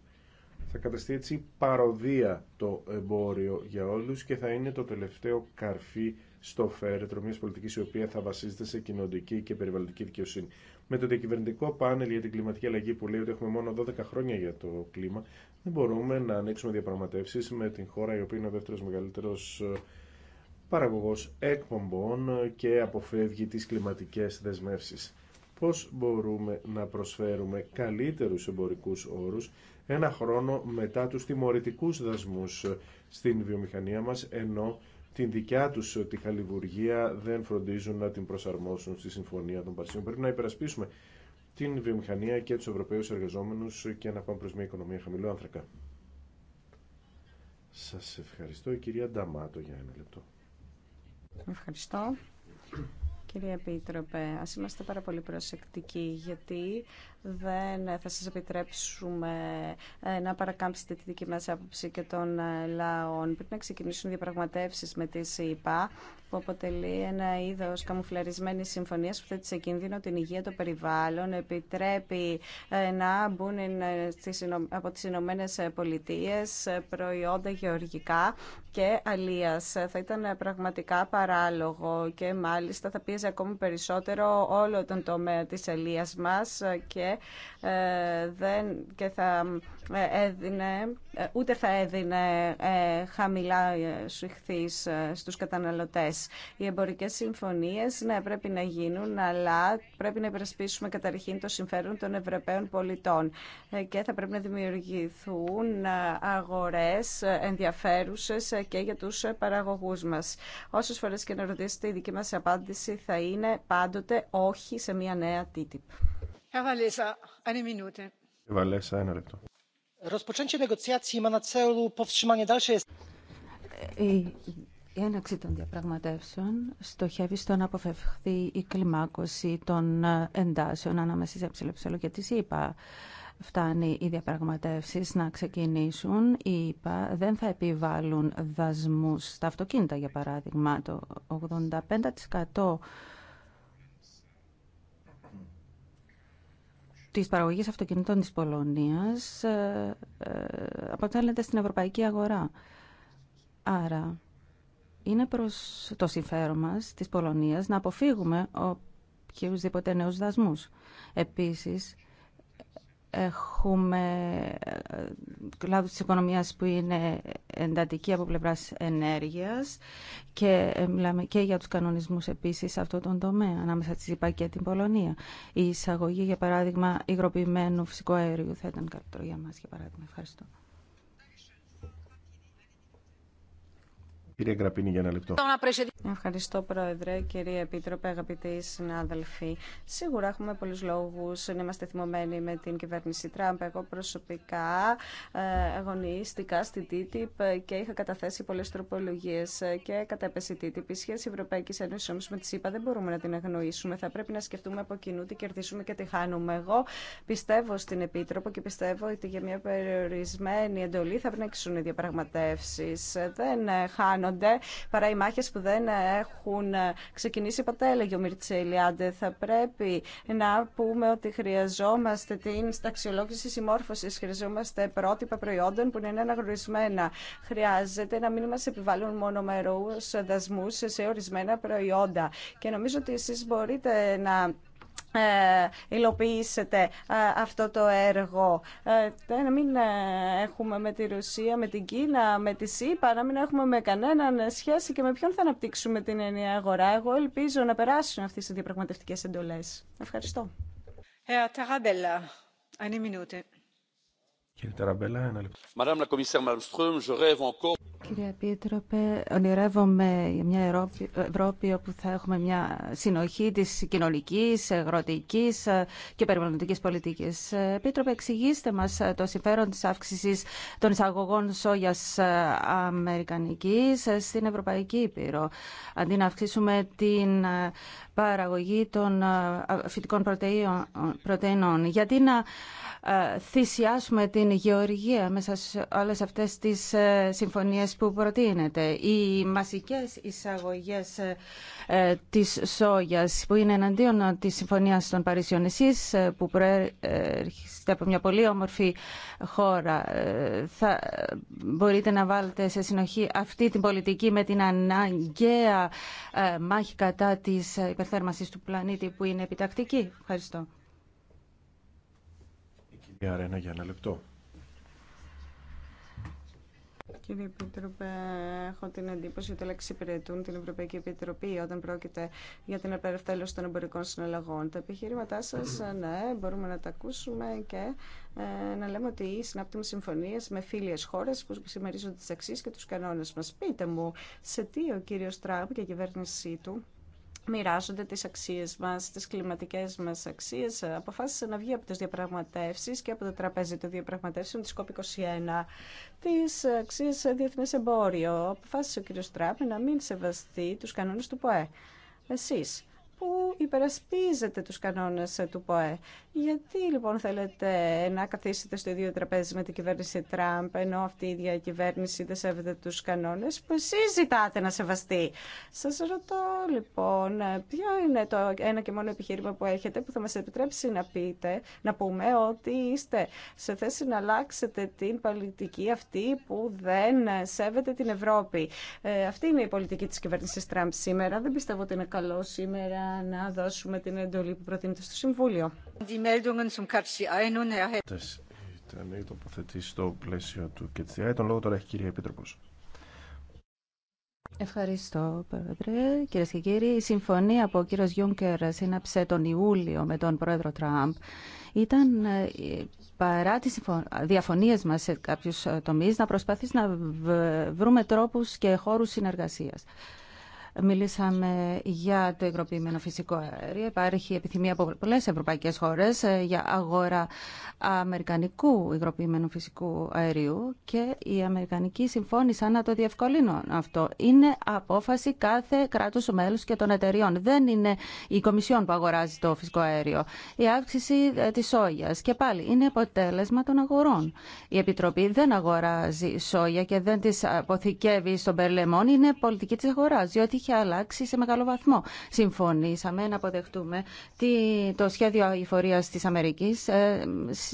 Θα καταστεί έτσι παροδία το εμπόριο για όλους και θα είναι το τελευταίο καρφί στο φέρετρο μιας πολιτικής η οποία θα βασίζεται σε κοινωνική και περιβαλλοντική δικαιοσύνη με το διακυβερνητικό πάνελ για την κλιματική αλλαγή που λέει ότι έχουμε μόνο 12 χρόνια για το κλίμα, δεν μπορούμε να ανοίξουμε διαπραγματεύσεις με την χώρα η οποία είναι ο δεύτερος μεγαλύτερος ε, παραγωγός εκπομπών και αποφεύγει τις κλιματικές δεσμεύσεις. Πώς μπορούμε να προσφέρουμε καλύτερους εμπορικούς όρους ένα χρόνο μετά τους τιμωρητικούς δασμούς στην βιομηχανία μας, ενώ την δικιά τους ε, τη χαλιβουργία δεν φροντίζουν να την προσαρμόσουν στη Συμφωνία των Παρισίων. Πρέπει να υπερασπίσουμε την βιομηχανία και τους Ευρωπαίους εργαζόμενους και να πάμε προς μια οικονομία χαμηλού άνθρακα. Σας ευχαριστώ η κυρία Νταμάτο για ένα λεπτό. Ευχαριστώ. Κύριε Επίτροπε, ας είμαστε πάρα πολύ προσεκτικοί γιατί δεν θα σας επιτρέψουμε ε, να παρακάμψετε τη δική μας άποψη και των ε, λαών. Πρέπει να ξεκινήσουν διαπραγματεύσεις με τη ΣΥΠΑ που αποτελεί ένα είδος καμουφλαρισμένης συμφωνίας που θέτει σε κίνδυνο την υγεία των περιβάλλων, επιτρέπει ε, να μπουν από τις Ηνωμένε Πολιτείε προϊόντα γεωργικά και αλίας. Θα ήταν πραγματικά παράλογο και μάλιστα θα ακόμη περισσότερο όλο τον τομέα της ελίας μας και, ε, δεν, και θα ε, έδινε, ε, ούτε θα έδινε ε, χαμηλά συχθείς στους καταναλωτές. Οι εμπορικές συμφωνίες, ναι, πρέπει να γίνουν, αλλά πρέπει να υπερασπίσουμε καταρχήν το συμφέρον των Ευρωπαίων πολιτών και θα πρέπει να δημιουργηθούν αγορές ενδιαφέρουσες και για τους παραγωγούς μας. Όσες φορές και να ρωτήσετε, η δική μας απάντηση θα είναι πάντοτε όχι σε μια νέα TTIP. ένα λεπτό. Η έναξη των διαπραγματεύσεων στοχεύει στο να αποφευχθεί η κλιμάκωση των ε, εντάσεων ανάμεσα σε ΕΕ και τη ΕΠΑ φτάνει οι διαπραγματεύσεις να ξεκινήσουν, οι δεν θα επιβάλλουν δασμούς στα αυτοκίνητα, για παράδειγμα. Το 85% της παραγωγής αυτοκινήτων της Πολωνίας ε, ε, αποτέλεται στην ευρωπαϊκή αγορά. Άρα, είναι προς το συμφέρον μας της Πολωνίας να αποφύγουμε οποιουσδήποτε νέους δασμούς. Επίσης, Έχουμε κλάδους ε, της οικονομίας που είναι εντατική από πλευράς ενέργειας και ε, μιλάμε και για τους κανονισμούς επίσης σε αυτόν τον τομέα, ανάμεσα της ΙΠΑ και την Πολωνία. Η εισαγωγή, για παράδειγμα, υγροποιημένου φυσικού αέριου θα ήταν καλύτερο για μας, για παράδειγμα. Ευχαριστώ. Κύριε Γκραπίνη, για ένα λεπτό. Ευχαριστώ, Πρόεδρε, κύριε Επίτροπε, αγαπητοί συνάδελφοι. Σίγουρα έχουμε πολλού λόγου να είμαστε θυμωμένοι με την κυβέρνηση Τραμπ. Εγώ προσωπικά ε, αγωνίστηκα στη TTIP και είχα καταθέσει πολλέ τροπολογίε και κατέπεσε η TTIP. Η σχέση Ευρωπαϊκή Ένωση όμω με τη ΣΥΠΑ δεν μπορούμε να την αγνοήσουμε. Θα πρέπει να σκεφτούμε από κοινού τι κερδίσουμε και τι χάνουμε. Εγώ πιστεύω στην Επίτροπο και πιστεύω ότι για μια περιορισμένη εντολή θα πνέξουν οι διαπραγματεύσει. Δεν χάνονται γίνονται παρά οι μάχε που δεν έχουν ξεκινήσει ποτέ, έλεγε ο Άντε, Θα πρέπει να πούμε ότι χρειαζόμαστε την σταξιολόγηση συμμόρφωση, χρειαζόμαστε πρότυπα προϊόντων που είναι αναγνωρισμένα. Χρειάζεται να μην μα επιβάλλουν μονομερού δασμού σε ορισμένα προϊόντα. Και νομίζω ότι εσεί μπορείτε να ε, υλοποιήσετε ε, αυτό το έργο. Ε, να μην έχουμε με τη Ρωσία, με την Κίνα, με τη ΣΥΠΑ, να μην έχουμε με κανέναν σχέση και με ποιον θα αναπτύξουμε την ενιαία αγορά. Εγώ ελπίζω να περάσουν αυτές οι διαπραγματευτικές εντολές. Ευχαριστώ. Κύριε ένα λεπτό. Κύριε Επίτροπε, ονειρεύομαι μια Ευρώπη, Ευρώπη όπου θα έχουμε μια συνοχή της κοινωνικής, αγροτικής και περιβαλλοντικής πολιτικής. Επίτροπε, εξηγήστε μας το συμφέρον της αύξησης των εισαγωγών σόγιας αμερικανικής στην Ευρωπαϊκή Ήπειρο. Αντί να αυξήσουμε την παραγωγή των ε, φυτικών πρωτεϊνών. Γιατί να ε, θυσιάσουμε την γεωργία μέσα σε όλες αυτές τις ε, συμφωνίες που προτείνεται. Οι μασικές εισαγωγές ε, ε, της σόγιας που είναι εναντίον της Συμφωνίας των Παρισιών. Εσείς ε, που προέρχεστε από μια πολύ όμορφη χώρα θα μπορείτε να βάλετε σε συνοχή αυτή την πολιτική με την αναγκαία μάχη κατά της υπερθέρμανσης του πλανήτη που είναι επιτακτική. Ευχαριστώ. Η κυρία για ένα λεπτό. Κύριε Επίτροπε, έχω την εντύπωση ότι όλα εξυπηρετούν την Ευρωπαϊκή Επιτροπή όταν πρόκειται για την απελευθέρωση των εμπορικών συναλλαγών. Τα επιχείρηματά σα, ναι, μπορούμε να τα ακούσουμε και ε, να λέμε ότι συνάπτουμε συμφωνίε με φίλες χώρε που συμμερίζονται τι αξίε και του κανόνε μα. Πείτε μου, σε τι ο κύριο Τραμπ και η κυβέρνησή του μοιράζονται τις αξίες μας, τις κλιματικές μας αξίες, ε, αποφάσισε να βγει από τις διαπραγματεύσεις και από το τραπέζι των διαπραγματεύσεων της COP21 τις αξίες ε, διεθνές εμπόριο. Αποφάσισε ο κ. Τράπ να μην σεβαστεί τους κανόνες του ΠΟΕ. Εσείς που υπερασπίζεται τους κανόνες του ΠΟΕ. Γιατί λοιπόν θέλετε να καθίσετε στο ίδιο τραπέζι με την κυβέρνηση Τραμπ, ενώ αυτή η ίδια κυβέρνηση δεν σέβεται τους κανόνες που εσείς ζητάτε να σεβαστεί. Σας ρωτώ λοιπόν, ποιο είναι το ένα και μόνο επιχείρημα που έχετε που θα μας επιτρέψει να πείτε, να πούμε ότι είστε σε θέση να αλλάξετε την πολιτική αυτή που δεν σέβεται την Ευρώπη. Ε, αυτή είναι η πολιτική της κυβέρνησης Τραμπ σήμερα. Δεν πιστεύω ότι είναι καλό σήμερα να δώσουμε την εντολή που προτείνεται στο Συμβούλιο. Ήταν η τοποθετήση στο πλαίσιο του Τον λόγο τώρα έχει κυρία Επίτροπος. Ευχαριστώ, Πρόεδρε. Κυρίε και κύριοι, η συμφωνία που ο κύριο Γιούγκερ σύναψε τον Ιούλιο με τον Πρόεδρο Τραμπ ήταν ε, παρά τις διαφωνίες μας σε κάποιους ε, τομείς να προσπαθήσει να βρούμε τρόπους και χώρους συνεργασίας. Μιλήσαμε για το υγροποιημένο φυσικό αέριο. Υπάρχει επιθυμία από πολλέ ευρωπαϊκέ χώρε ε, για αγορά αμερικανικού υγροποιημένου φυσικού αερίου και οι Αμερικανικοί συμφώνησαν να το διευκολύνουν αυτό. Είναι απόφαση κάθε κράτου μέλου και των εταιριών. Δεν είναι η Κομισιόν που αγοράζει το φυσικό αέριο. Η αύξηση ε, τη σόγια και πάλι είναι αποτέλεσμα των αγορών. Η Επιτροπή δεν αγοράζει σόγια και δεν τι αποθηκεύει στον Περλεμόν. Είναι πολιτική τη αγορά, είχε αλλάξει σε μεγάλο βαθμό. Συμφωνήσαμε να αποδεχτούμε το σχέδιο αηφορία τη Αμερική ε,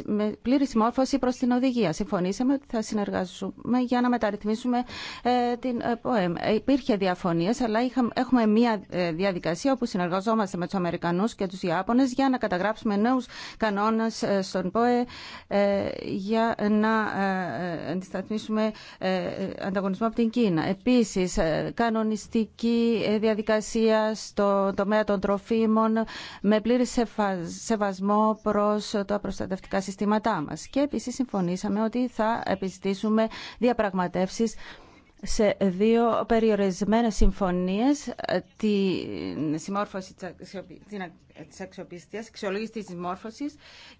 με πλήρη συμμόρφωση προ την οδηγία. Συμφωνήσαμε ότι θα συνεργαστούμε για να μεταρρυθμίσουμε ε, την ε, ΠΟΕΜ. Υπήρχε διαφωνίε, αλλά έχουμε μία διαδικασία όπου συνεργαζόμαστε με του Αμερικανού και του Ιάπωνε για να καταγράψουμε νέου κανόνε στον ΠΟΕ για να αντισταθμίσουμε ανταγωνισμό από την Κίνα. Επίση, κανονιστική ε, διαδικασία στον τομέα των τροφίμων με πλήρη σεβασμό προς τα προστατευτικά συστήματά μας. Και επίσης συμφωνήσαμε ότι θα επιστήσουμε διαπραγματεύσεις σε δύο περιορισμένες συμφωνίες ε, τη συμμόρφωση της αξιοπιστίας, αξιολόγηση της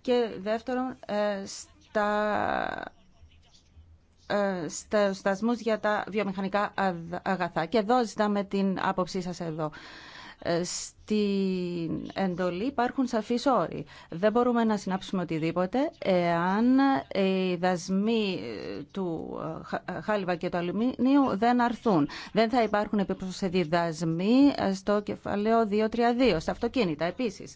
και δεύτερον ε, στα ε, στους δασμούς για τα βιομηχανικά αγαθά. Και εδώ ζητάμε την άποψή σας εδώ. Ε, στην εντολή υπάρχουν σαφείς όροι. Δεν μπορούμε να συνάψουμε οτιδήποτε εάν οι δασμοί ε, του χάλιβα και του αλουμίνιου δεν αρθούν. Δεν θα υπάρχουν επιπροσθετοί δασμοί στο κεφαλαίο 232, στα αυτοκίνητα επίσης.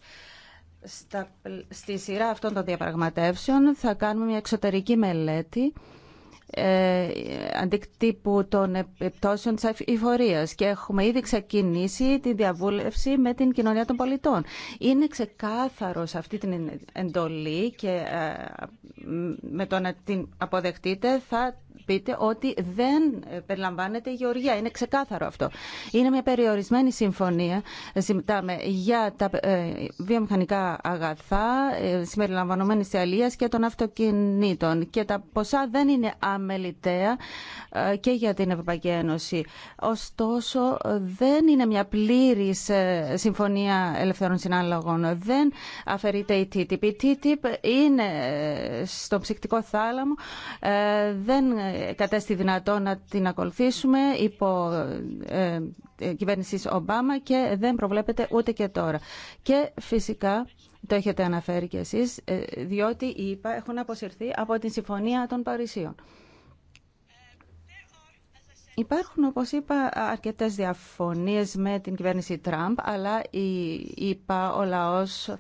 Στη σειρά αυτών των διαπραγματεύσεων θα κάνουμε μια εξωτερική μελέτη ε, αντικτύπου των επιπτώσεων της ειφορίας και έχουμε ήδη ξεκινήσει τη διαβούλευση με την κοινωνία των πολιτών. Είναι ξεκάθαρο αυτή την εντολή και ε, με το να την αποδεχτείτε θα πείτε ότι δεν περιλαμβάνεται η γεωργία. Είναι ξεκάθαρο αυτό. Είναι μια περιορισμένη συμφωνία. Ε, συμπτάμε για τα ε, βιομηχανικά αγαθά ε, συμπεριλαμβανομένη τη αλίας και των αυτοκινήτων. Και τα ποσά δεν είναι αμεληταία και για την Ευρωπαϊκή Ένωση. Ωστόσο, δεν είναι μια πλήρη συμφωνία ελευθερών συνάλλαγων. Δεν αφαιρείται η TTIP. Η TTIP είναι στο ψυκτικό θάλαμο. Δεν κατέστη δυνατό να την ακολουθήσουμε υπό ε, ε κυβέρνηση Ομπάμα και δεν προβλέπεται ούτε και τώρα. Και φυσικά το έχετε αναφέρει κι εσείς, ε, διότι οι ΗΠΑ έχουν αποσυρθεί από την Συμφωνία των Παρισίων. Υπάρχουν, όπως είπα, αρκετές διαφωνίες με την κυβέρνηση Τραμπ, αλλά η είπα ο λαός,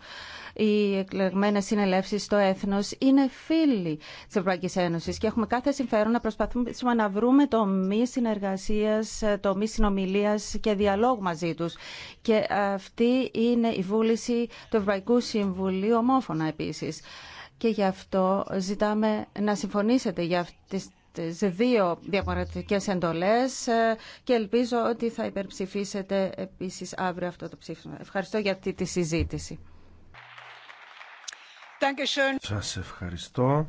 οι εκλεγμένες συνελεύσει στο έθνος είναι φίλοι της Ευρωπαϊκής Ένωσης και έχουμε κάθε συμφέρον να προσπαθούμε να βρούμε το μη συνεργασίας, το μη συνομιλίας και διαλόγου μαζί τους. Και αυτή είναι η βούληση του Ευρωπαϊκού Συμβουλίου ομόφωνα επίσης. Και γι' αυτό ζητάμε να συμφωνήσετε για αυτή τις δύο διαφορετικές εντολές ε, και ελπίζω ότι θα υπερψηφίσετε επίσης αύριο αυτό το ψήφισμα. Ευχαριστώ για αυτή τη συζήτηση. Σας ευχαριστώ.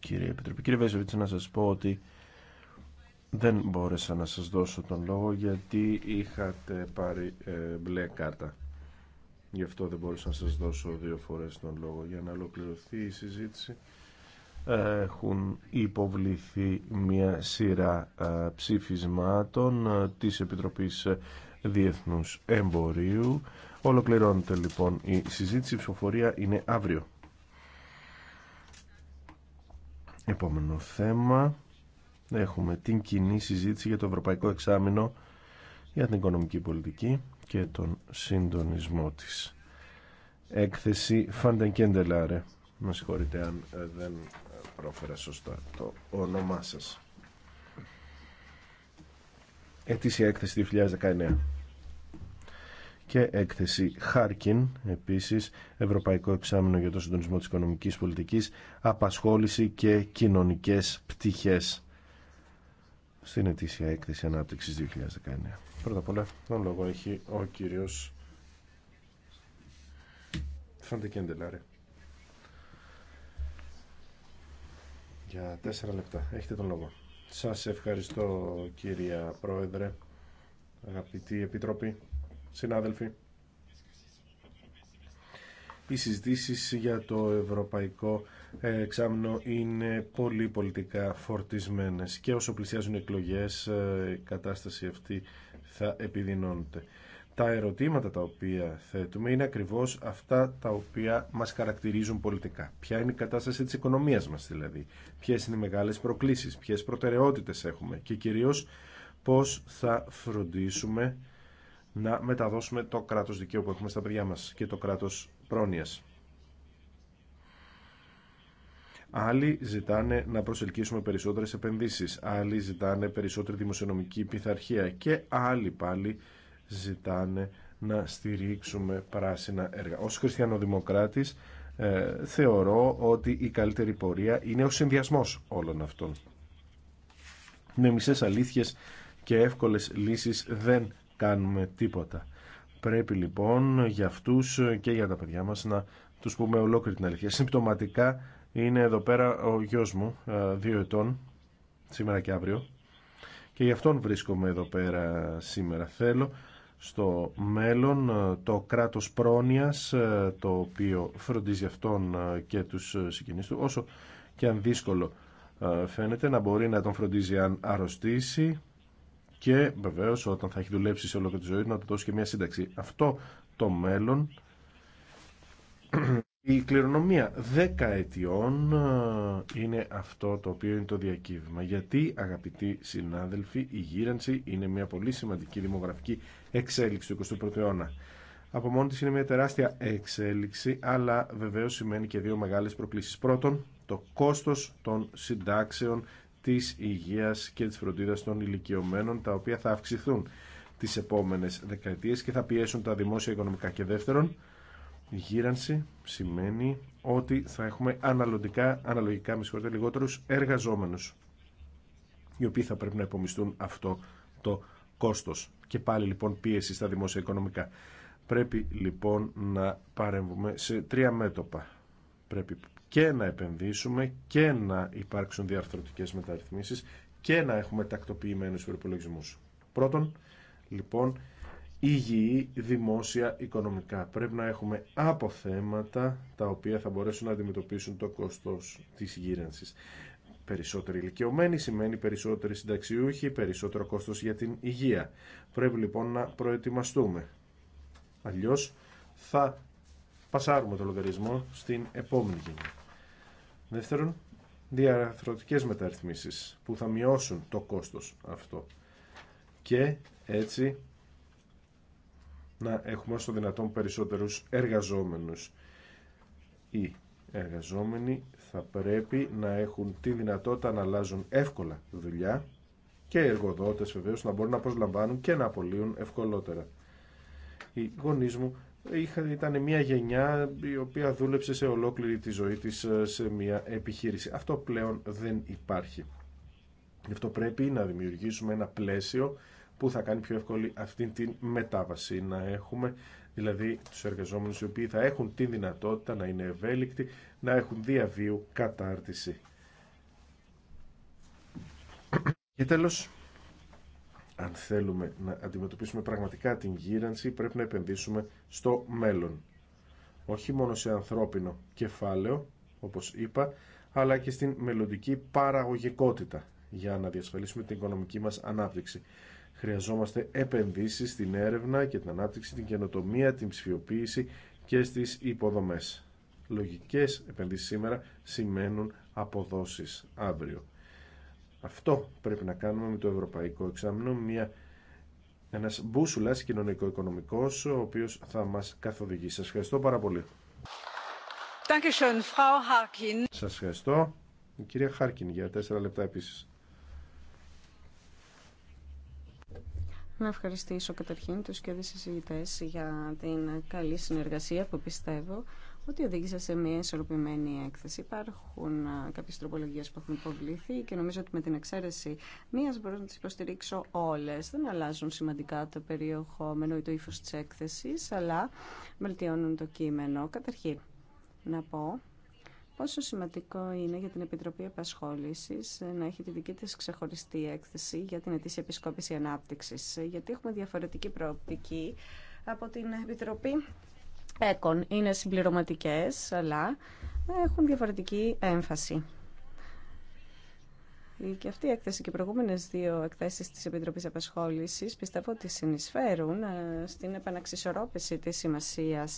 Κύριε Επιτροπή, κύριε Βέσοβιτς, να σας πω ότι δεν μπόρεσα να σας δώσω τον λόγο γιατί είχατε πάρει ε, μπλε κάρτα. Γι' αυτό δεν μπόρεσα να σας δώσω δύο φορές τον λόγο για να ολοκληρωθεί η συζήτηση έχουν υποβληθεί μια σειρά ε, ψηφισμάτων ε, της Επιτροπής ε, Διεθνούς Εμπορίου. Ολοκληρώνεται λοιπόν η συζήτηση. Η ψηφοφορία είναι αύριο. Επόμενο θέμα. Έχουμε την κοινή συζήτηση για το Ευρωπαϊκό Εξάμεινο για την Οικονομική Πολιτική και τον συντονισμό της. Έκθεση Φαντεν Κέντελάρε. Με συγχωρείτε αν δεν πρόφερα σωστά το όνομά σας. Ετήσια έκθεση 2019 και έκθεση Χάρκιν, επίσης Ευρωπαϊκό Εξάμεινο για το Συντονισμό της Οικονομικής Πολιτικής, Απασχόληση και Κοινωνικές Πτυχές στην ετήσια έκθεση ανάπτυξης 2019. Πρώτα απ' όλα, τον λόγο έχει ο κύριος Φαντεκέντελάρη. για τέσσερα λεπτά. Έχετε τον λόγο. Σας ευχαριστώ κύρια Πρόεδρε, αγαπητοί Επίτροποι, συνάδελφοι. Οι συζητήσει για το ευρωπαϊκό εξάμεινο είναι πολύ πολιτικά φορτισμένες και όσο πλησιάζουν εκλογές ε, η κατάσταση αυτή θα επιδεινώνεται τα ερωτήματα τα οποία θέτουμε είναι ακριβώς αυτά τα οποία μας χαρακτηρίζουν πολιτικά. Ποια είναι η κατάσταση της οικονομίας μας δηλαδή, ποιες είναι οι μεγάλες προκλήσεις, ποιες προτεραιότητες έχουμε και κυρίως πώς θα φροντίσουμε να μεταδώσουμε το κράτος δικαίου που έχουμε στα παιδιά μας και το κράτος πρόνοιας. Άλλοι ζητάνε να προσελκύσουμε περισσότερες επενδύσεις, άλλοι ζητάνε περισσότερη δημοσιονομική πειθαρχία και άλλοι πάλι ζητάνε να στηρίξουμε πράσινα έργα. Ως χριστιανοδημοκράτης ε, θεωρώ ότι η καλύτερη πορεία είναι ο συνδυασμός όλων αυτών. Με μισές αλήθειες και εύκολες λύσεις δεν κάνουμε τίποτα. Πρέπει λοιπόν για αυτούς και για τα παιδιά μας να τους πούμε ολόκληρη την αλήθεια. Συμπτωματικά είναι εδώ πέρα ο γιος μου, ε, δύο ετών, σήμερα και αύριο, και γι' αυτόν βρίσκομαι εδώ πέρα σήμερα. Θέλω στο μέλλον ε, το κράτος πρόνοιας ε, το οποίο φροντίζει αυτόν ε, και τους συγγενείς του όσο και αν δύσκολο φαίνεται να μπορεί να τον φροντίζει αν αρρωστήσει και βεβαίως όταν θα έχει δουλέψει σε όλο και τη ζωή να του δώσει και μια σύνταξη. Αυτό το μέλλον η κληρονομία 10 ετιών ε, είναι αυτό το οποίο είναι το διακύβημα. Γιατί, αγαπητοί συνάδελφοι, η γύρανση είναι μια πολύ σημαντική δημογραφική εξέλιξη του 21ου αιώνα. Από μόνη της είναι μια τεράστια εξέλιξη, αλλά βεβαίως σημαίνει και δύο μεγάλες προκλήσεις. Πρώτον, το κόστος των συντάξεων της υγείας και της φροντίδας των ηλικιωμένων, τα οποία θα αυξηθούν τις επόμενες δεκαετίες και θα πιέσουν τα δημόσια οικονομικά. Και δεύτερον, γύρανση σημαίνει ότι θα έχουμε αναλογικά, αναλογικά με λιγότερους εργαζόμενους οι οποίοι θα πρέπει να υπομιστούν αυτό το κόστος και πάλι λοιπόν πίεση στα δημόσια οικονομικά. Πρέπει λοιπόν να παρέμβουμε σε τρία μέτωπα. Πρέπει και να επενδύσουμε και να υπάρξουν διαρθρωτικές μεταρρυθμίσεις και να έχουμε τακτοποιημένους προπολογισμού. Πρώτον, λοιπόν, υγιή δημόσια οικονομικά. Πρέπει να έχουμε αποθέματα τα οποία θα μπορέσουν να αντιμετωπίσουν το κόστος της γύρανσης. Περισσότεροι ηλικιωμένοι σημαίνει περισσότεροι συνταξιούχοι, περισσότερο κόστος για την υγεία. Πρέπει λοιπόν να προετοιμαστούμε. Αλλιώς θα πασάρουμε το λογαριασμό στην επόμενη γενιά. Δεύτερον, διαρθρωτικές μεταρρυθμίσεις που θα μειώσουν το κόστος αυτό και έτσι να έχουμε όσο δυνατόν περισσότερους εργαζόμενους. Οι εργαζόμενοι θα πρέπει να έχουν τη δυνατότητα να αλλάζουν εύκολα δουλειά και οι εργοδότες βεβαίως να μπορούν να προσλαμβάνουν και να απολύουν ευκολότερα. Οι γονείς μου ήταν μια γενιά η οποία δούλεψε σε ολόκληρη τη ζωή της ε, σε μια επιχείρηση. Αυτό πλέον δεν υπάρχει. Γι' αυτό πρέπει να δημιουργήσουμε ένα πλαίσιο που θα κάνει πιο εύκολη αυτή την μετάβαση. Να έχουμε δηλαδή τους εργαζόμενους οι οποίοι θα έχουν τη δυνατότητα να είναι ευέλικτοι, να έχουν διαβίου κατάρτιση. Και τέλος, αν θέλουμε να αντιμετωπίσουμε πραγματικά την γύρανση, πρέπει να επενδύσουμε στο μέλλον. Όχι μόνο σε ανθρώπινο κεφάλαιο, όπως είπα, αλλά και στην μελλοντική παραγωγικότητα για να διασφαλίσουμε την οικονομική μας ανάπτυξη. Χρειαζόμαστε επενδύσεις στην έρευνα και την ανάπτυξη, την καινοτομία, την ψηφιοποίηση και στις υποδομές. Λογικές επενδύσεις σήμερα σημαίνουν αποδόσεις αύριο. Αυτό πρέπει να κάνουμε με το Ευρωπαϊκό Εξάμεινο, μια, ένας μπούσουλας κοινωνικο-οικονομικός, ο οποίος θα μας καθοδηγήσει. Σας ευχαριστώ πάρα πολύ. ευχαριστώ. κυρία Χάρκιν για τέσσερα λεπτά Να ευχαριστήσω καταρχήν τους και συζητητές για την καλή συνεργασία που πιστεύω ότι οδήγησε σε μια ισορροπημένη έκθεση. Υπάρχουν κάποιε τροπολογίε που έχουν υποβληθεί και νομίζω ότι με την εξαίρεση μία μπορώ να τι υποστηρίξω όλε. Δεν αλλάζουν σημαντικά το περιεχόμενο ή το ύφο τη έκθεση, αλλά βελτιώνουν το κείμενο. Καταρχήν, να πω Πόσο σημαντικό είναι για την Επιτροπή Επασχόληση να έχει τη δική τη ξεχωριστή έκθεση για την ετήσια επισκόπηση ανάπτυξη, γιατί έχουμε διαφορετική προοπτική από την Επιτροπή ΕΚΟΝ. Είναι συμπληρωματικέ, αλλά έχουν διαφορετική έμφαση. Και αυτή η έκθεση και οι προηγούμενε δύο εκθέσει τη Επιτροπή επασχόληση πιστεύω ότι συνεισφέρουν ε, στην επαναξισορρόπηση τη σημασία